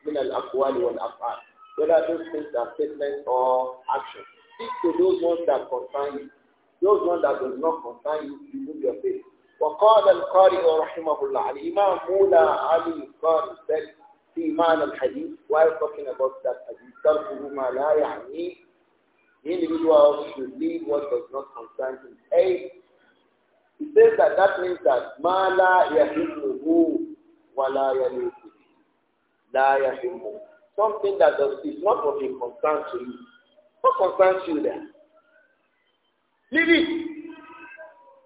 him al-akwali wal والأفعال. Whether those things are statements or actions. Stick to those ones that concern you. Those ones that does not concern you, you move your face. وقال القارئ رحمه الله الإمام مولى علي القارئ said في معنى الحديث while talking about that hadith تركه ما لا يعنيه Individuals should leave what does not concern him. Eight, he says that that means that ما لا yahimmuhu وَلَا la لا La Something that does, is not of concern to you. What concerns you then? Leave it.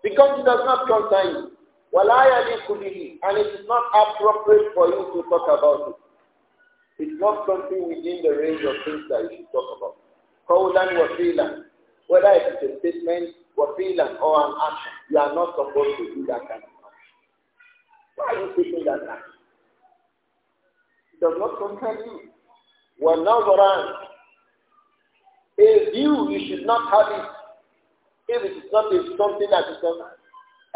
Because it does not concern you. And it is not appropriate for you to talk about it. It's not something within the range of things that you should talk about. Qawlan wa fi'lan. Whether it is a statement, wa fi'lan, or an action, you are not supposed to do that kind of action. Why are you taking that action? It does not concern you. now nazaran. A view, you should not have it. If it is not something that is not,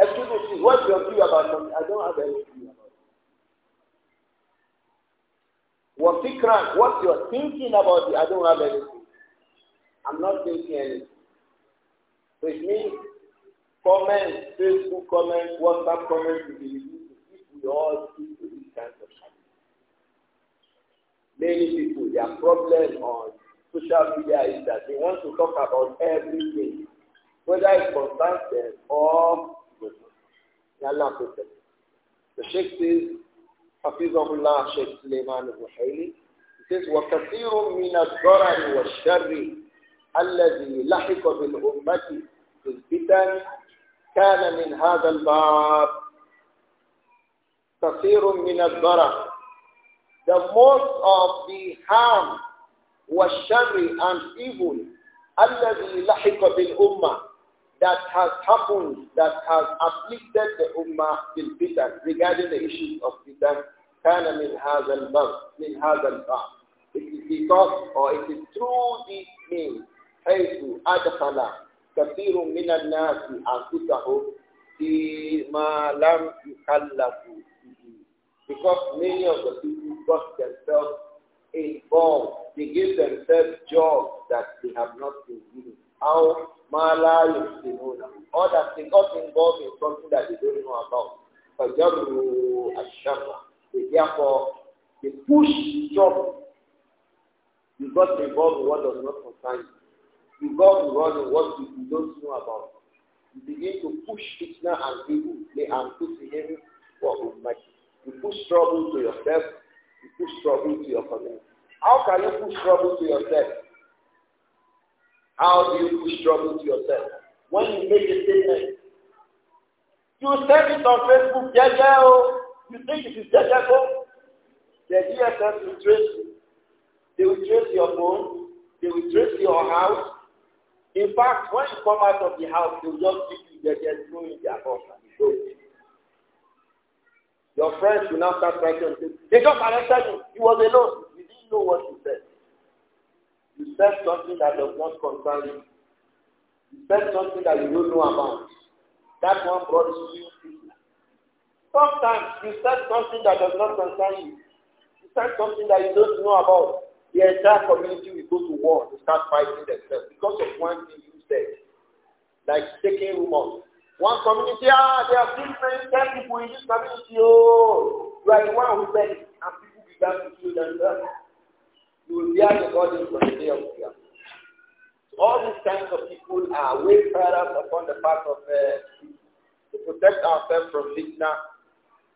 excuse me, What what's your view about something? I don't have any view about it. What what you're thinking about it, I don't have anything. I'm not thinking anything. So it means comments, Facebook comments, WhatsApp comments will be reduced if we all keep to these kinds of habits. Many people, their problem on social media is that they want to talk about everything. whether it concerns them or May Allah protect The Sheikh says, Hafizahullah Sheikh Suleiman al-Ruhaili, he says, وَكَثِيرٌ مِنَ الضَّرَرِ وَالشَّرِّ الَّذِي لَحِقَ بِالْأُمَّةِ بِالْفِتَنِ كان من هذا الباب كثير من الضرر the most of the harm والشر and evil الذي لحق بالأمة that has happened, that has afflicted the Ummah in Peter regarding the issues of Peter, كان has and الباب من هذا الباب. It is because or it is through this means حيث أدخل كثير من الناس أنفسهم فيما لم يكلفوا به. Because many of the people got themselves involved. They give themselves jobs that they have not been given. How Mala Yusinuna. All that they got involved in something that they don't know about. Fajaru Ashara. They therefore they push trouble. You got involved in what does not concern you. You got involved in what you don't know about. You begin to push fitna and people. They are pushing him for Ummah. You push trouble to yourself. You push trouble to your family. How can you push trouble to yourself? How do you push trouble to yourself? When you make a statement, you send it on Facebook, yeah, yeah, oh, you think it is yeah, yeah, oh. The DSS will trace you. They will trace your phone. They will trace your house. In fact, when you come out of the house, they will just give you the dead throw in their house and go. Your friends will now start writing and say, they just arrested you. He was alone. You didn't know what you said. You said something that does not concern you. You said something that you don't know about. That one brought you Sometimes you said something that does not concern you. You said something that you don't know about. The entire community will go to war to start fighting themselves because of one thing you said. Like taking rumors. One community, ah, there are six, nine, people in this community, oh, like one who said it. And people began to kill themselves. you will bear the burden for the day of prayer. All these kinds of people are way further upon the path of uh, to protect ourselves from fitna.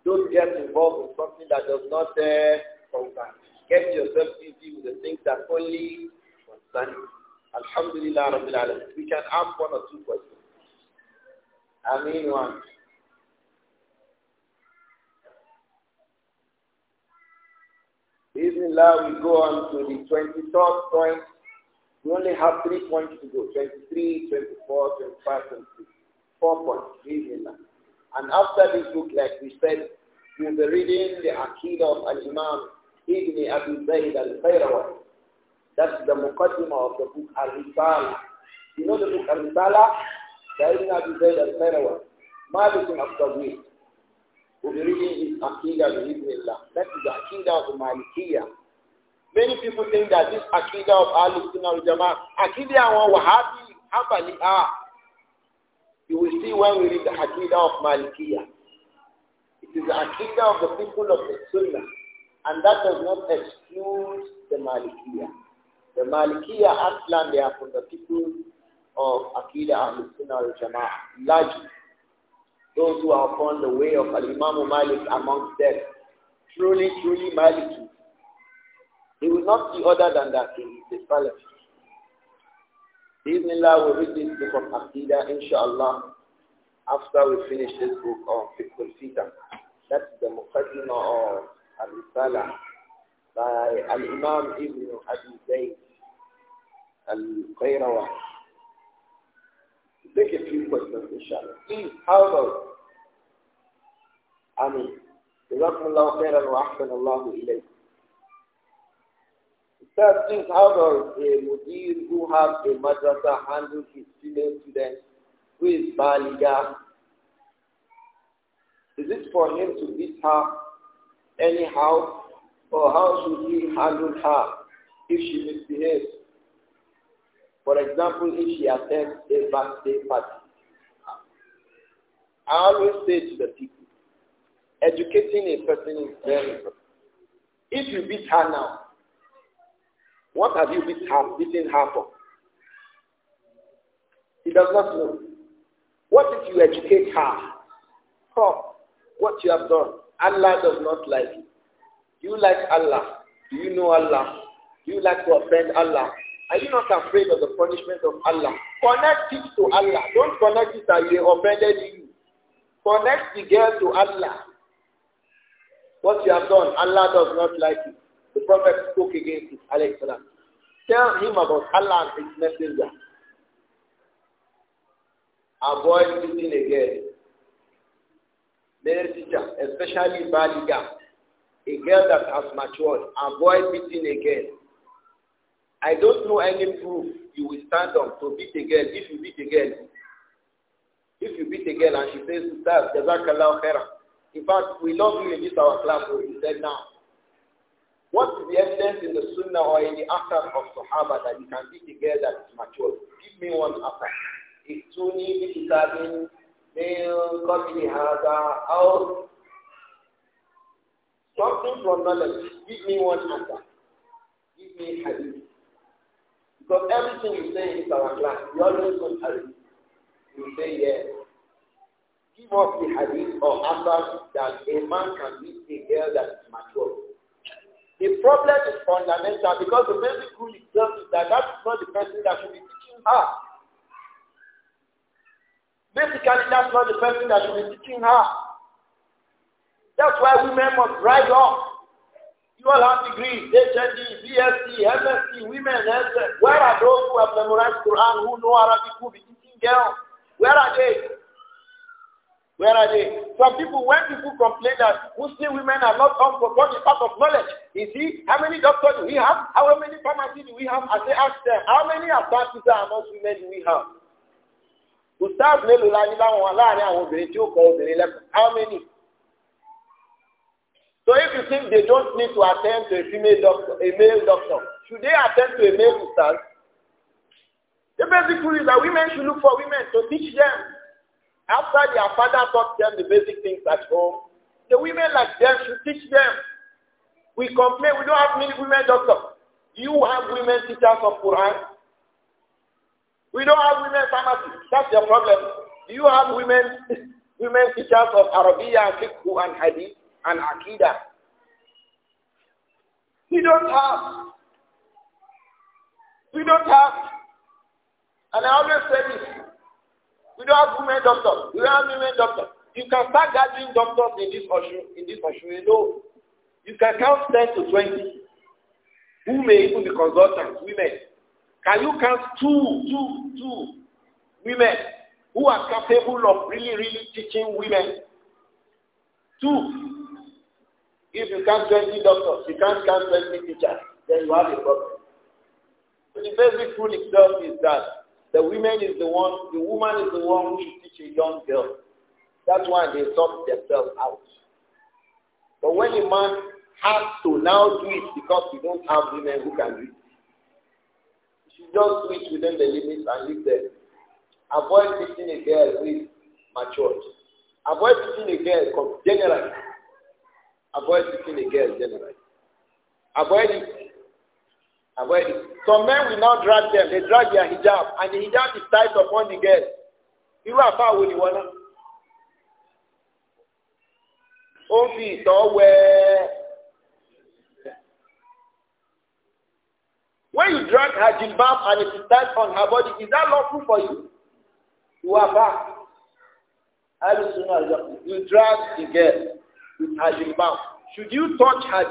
Don't get involved in something that does not uh, concern. Get yourself busy with the things that only concern you. Alhamdulillah, We can ask one or two questions. I mean one. Bismillah, we go on to the 23rd point. We only have three points to go, 23, 24, 25, 26. Four points, Bismillah. And after this book, like we said, we'll be reading the Aqid of Al-Imam Ibn Abi Zayd Al-Qayrawi. That's the Muqaddimah of the book Al-Risala. You know the book Al-Risala? The Ibn Abi Zayd al of Malik Abdullah will be reading his Aqidah with Ibn That is the akida of Malikia. Many people think that this akida of Ahlul Sunnah al-Jama'ah, Aqidah wa Wahabi Hanbali are. Ah, you will see when we read the akida of Malikia. It is the akida of the people of the Sunnah. And that does not exclude the Malikia. The Malikiyah, Aslan, they are from the people of akida Al Sunnah al-Jama'ah, largely. Those who are upon the way of Al-Imam Malik amongst them. Truly, truly Maliki. He will not be other than that. He is a Salafi. Bismillah, we read this book of Aqidah, inshallah, after we finish this book of Fiqhul al That's the Muqaddimah of Al-Risala by Al-Imam Ibn Abi Zayd Al-Qayrawa. Take a few questions, inshallah. Please, how about I mean, جزاكم الله خيرا وأحسن الله إليكم. Third thing, how does a mudir who has a madrasa handle his female student who is baliga? Is it for him to beat her anyhow, or how should he handle her if she misbehaves? For example, if she attends a birthday party, I always say to the people, educating a person is very important. If you beat her now, what have you beat her, beaten her for? He does not know. What if you educate her? Come, what you have done. Allah does not like you. Do you like Allah? Do you know Allah? Do you like to offend Allah? Are you not afraid of the punishment of Allah? Connect it to Allah. Don't connect it that they offended you. Connect the girl to Allah. What you have done, Allah does not like it. The Prophet spoke against it, alayhi Tell him about Allah and his messenger. Avoid meeting a girl. Male teacher, especially girl, a girl that has matured, avoid meeting a girl. I don't know any proof you will stand up to beat a girl if you beat a girl. If you beat a girl and she says, Ustaz, Jazakallah khairan. In fact, we love you in this our class, so he said now. What is the evidence in the Sunnah or in the Akhtar of Sahaba that you can beat a girl that is mature? Give me one Akhtar. Ituni bikitabin min male, hada aw Something from knowledge. Give me one answer. Give me hadith. Because everything you say is our class. You always go to You say yes. Give up the hadith or answer that a man can be a girl that is mature. The problem is fundamental because the basic rule itself is that that is not the person that should be teaching her. Basically, that's not the person that should be teaching her. That's why women must rise up. 12 degrees, HND, BSc, MSc, women, health. Where are those who have memorized Quran, who know Arabic, who be teaching girls? Where are they? Where are they? Some people, when people complain that Muslim women are not on what is part of knowledge, you see, how many doctors do we have? How many pharmacists do we have? I say, ask them, how many advances amongst women do we have? Ustaz Nelula Nila How many? So if you think they don't need to attend to a female doctor, a male doctor, should they attend to a male ustaz? The basic rule is that women should look for women to teach them. After their father taught them the basic things at home, the women like them should teach them. We complain, we don't have many women doctors. You have women teachers of Quran. We don't have women pharmacists. That's the problem. Do You have women women teachers of Arabia, Fiqh, and Hadith. and akida. We don't have. We don't have. And I always say this. We don't have women doctors. We don't have women doctors. You can start gathering doctors in this Oshu, in this Oshu, you know. You can count 10 to 20. Who may even be consultants, women. Can you count two, two, two women who are capable of really, really teaching women? Two. If you can't train doctors, you can't can't train teachers, then you have a problem. the basic rule itself is that the woman is the one, the woman is the one who should teach a young girl. That's why they sort themselves out. But when a man has to now do it because we don't have women who can do it, you should just do it within the limits and leave them. Avoid teaching a girl with matured. Avoid teaching a girl generally Avoid kissing a girl generally. Avoid it. Avoid it. Some men will now drag them. They drag their hijab. And the hijab is tied upon the girl. You are far away. wọ́n náà? Ó When you drag her jilbab and it is tied on her body, is that lawful for you? You are back. Alusuna, you drag the girl. with her Should you touch her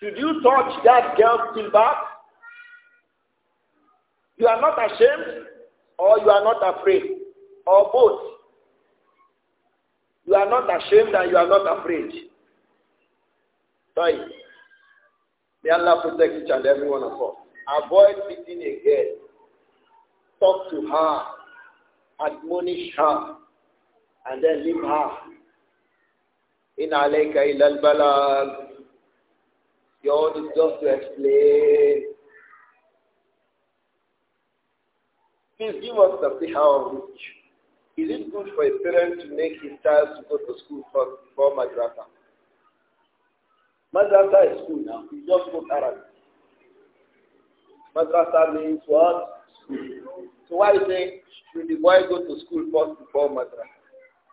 Should you touch that girl's jilbab? You are not ashamed or you are not afraid or both. You are not ashamed and you are not afraid. Sorry. May Allah protect each and every one of us. Avoid meeting a girl. Talk to her. Admonish her and then leave her. In alayka ilal balag. Your is just to explain. Please give us the how which. Is it good for a parent to make his child to go to school first before madrasa? Madrasa is school now. He just go Arabic. Madrasa means what? So why do you say, should the boy go to school first before madrasa?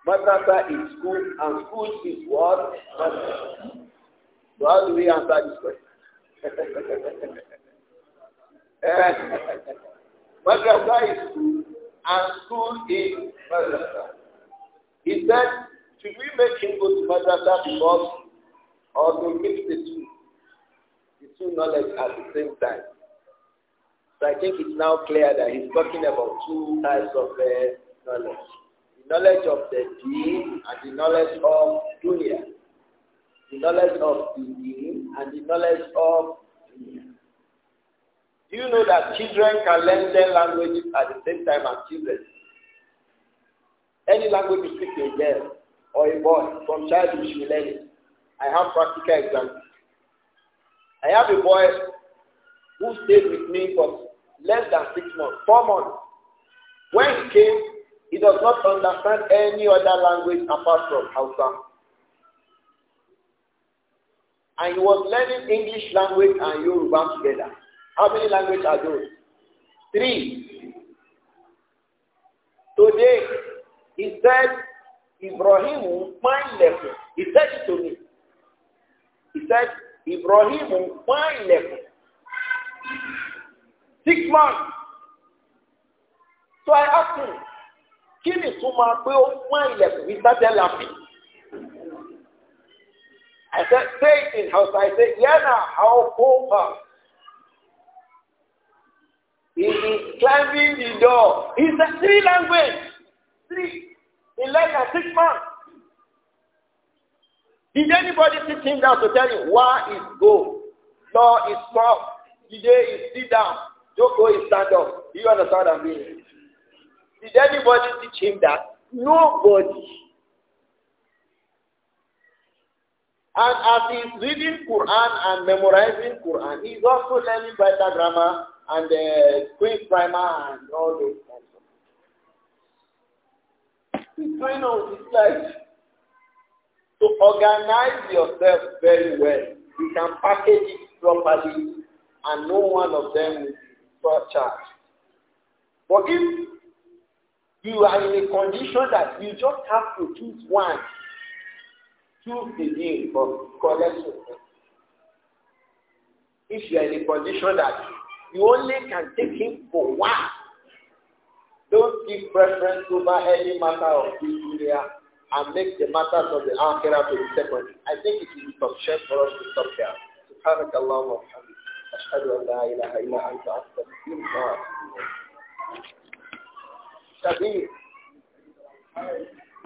Madrasa is school and school is what? So how do we answer this question? Eh? madrasa is school and school is madrasa. He said, should we make him go to madrasa because or we mix the two, the two knowledge at the same time? So I think it's now clear that he's talking about two types of uh, knowledge knowledge of the deen and the knowledge of dunya. The knowledge of the deen and the knowledge of dunya. Do you know that children can learn 10 languages at the same time as children? Any language you speak a girl or a boy, from childhood should learn it. I have practical examples. I have a boy who stayed with me for less than six months, four months. When he came, he does not understand any other language apart from Hausa. And he was learning English language and Yoruba together. How many languages are those? Three. Today, he said, Ibrahim, my level. He said it to me. He said, Ibrahim, my level. Six months. So I asked him, kí ni túmọ̀ pé ó pọ́n ilẹ̀kùn bíi lápì. I said, say it in house." I said, Yana Haukofa. He is climbing the door. He said, three language. Three. In less than six months. Did anybody sit him down to tell him why is go? Law is stop. Today is sit down. Joko is stand up. Do you understand what I mean? Did anybody teach him that? Nobody. And as he's reading Quran and memorizing Quran, he's also learning better grammar and uh, quick primer and all those kinds of things. He's trying on his life. To organize yourself very well, you can package it properly and no one of them will be charged. But if you are in a condition that you just have to choose one. Choose the deal for collection. If you are in a condition that you only can take him for one, don't give preference over any matter of this area and make the matters of the akhirah to the second. I think it is sufficient for us to stop here. سبحانك اللهم وبحمدك أشهد أن لا إله إلا أنت أستغفرك وأتوب إليك شبيه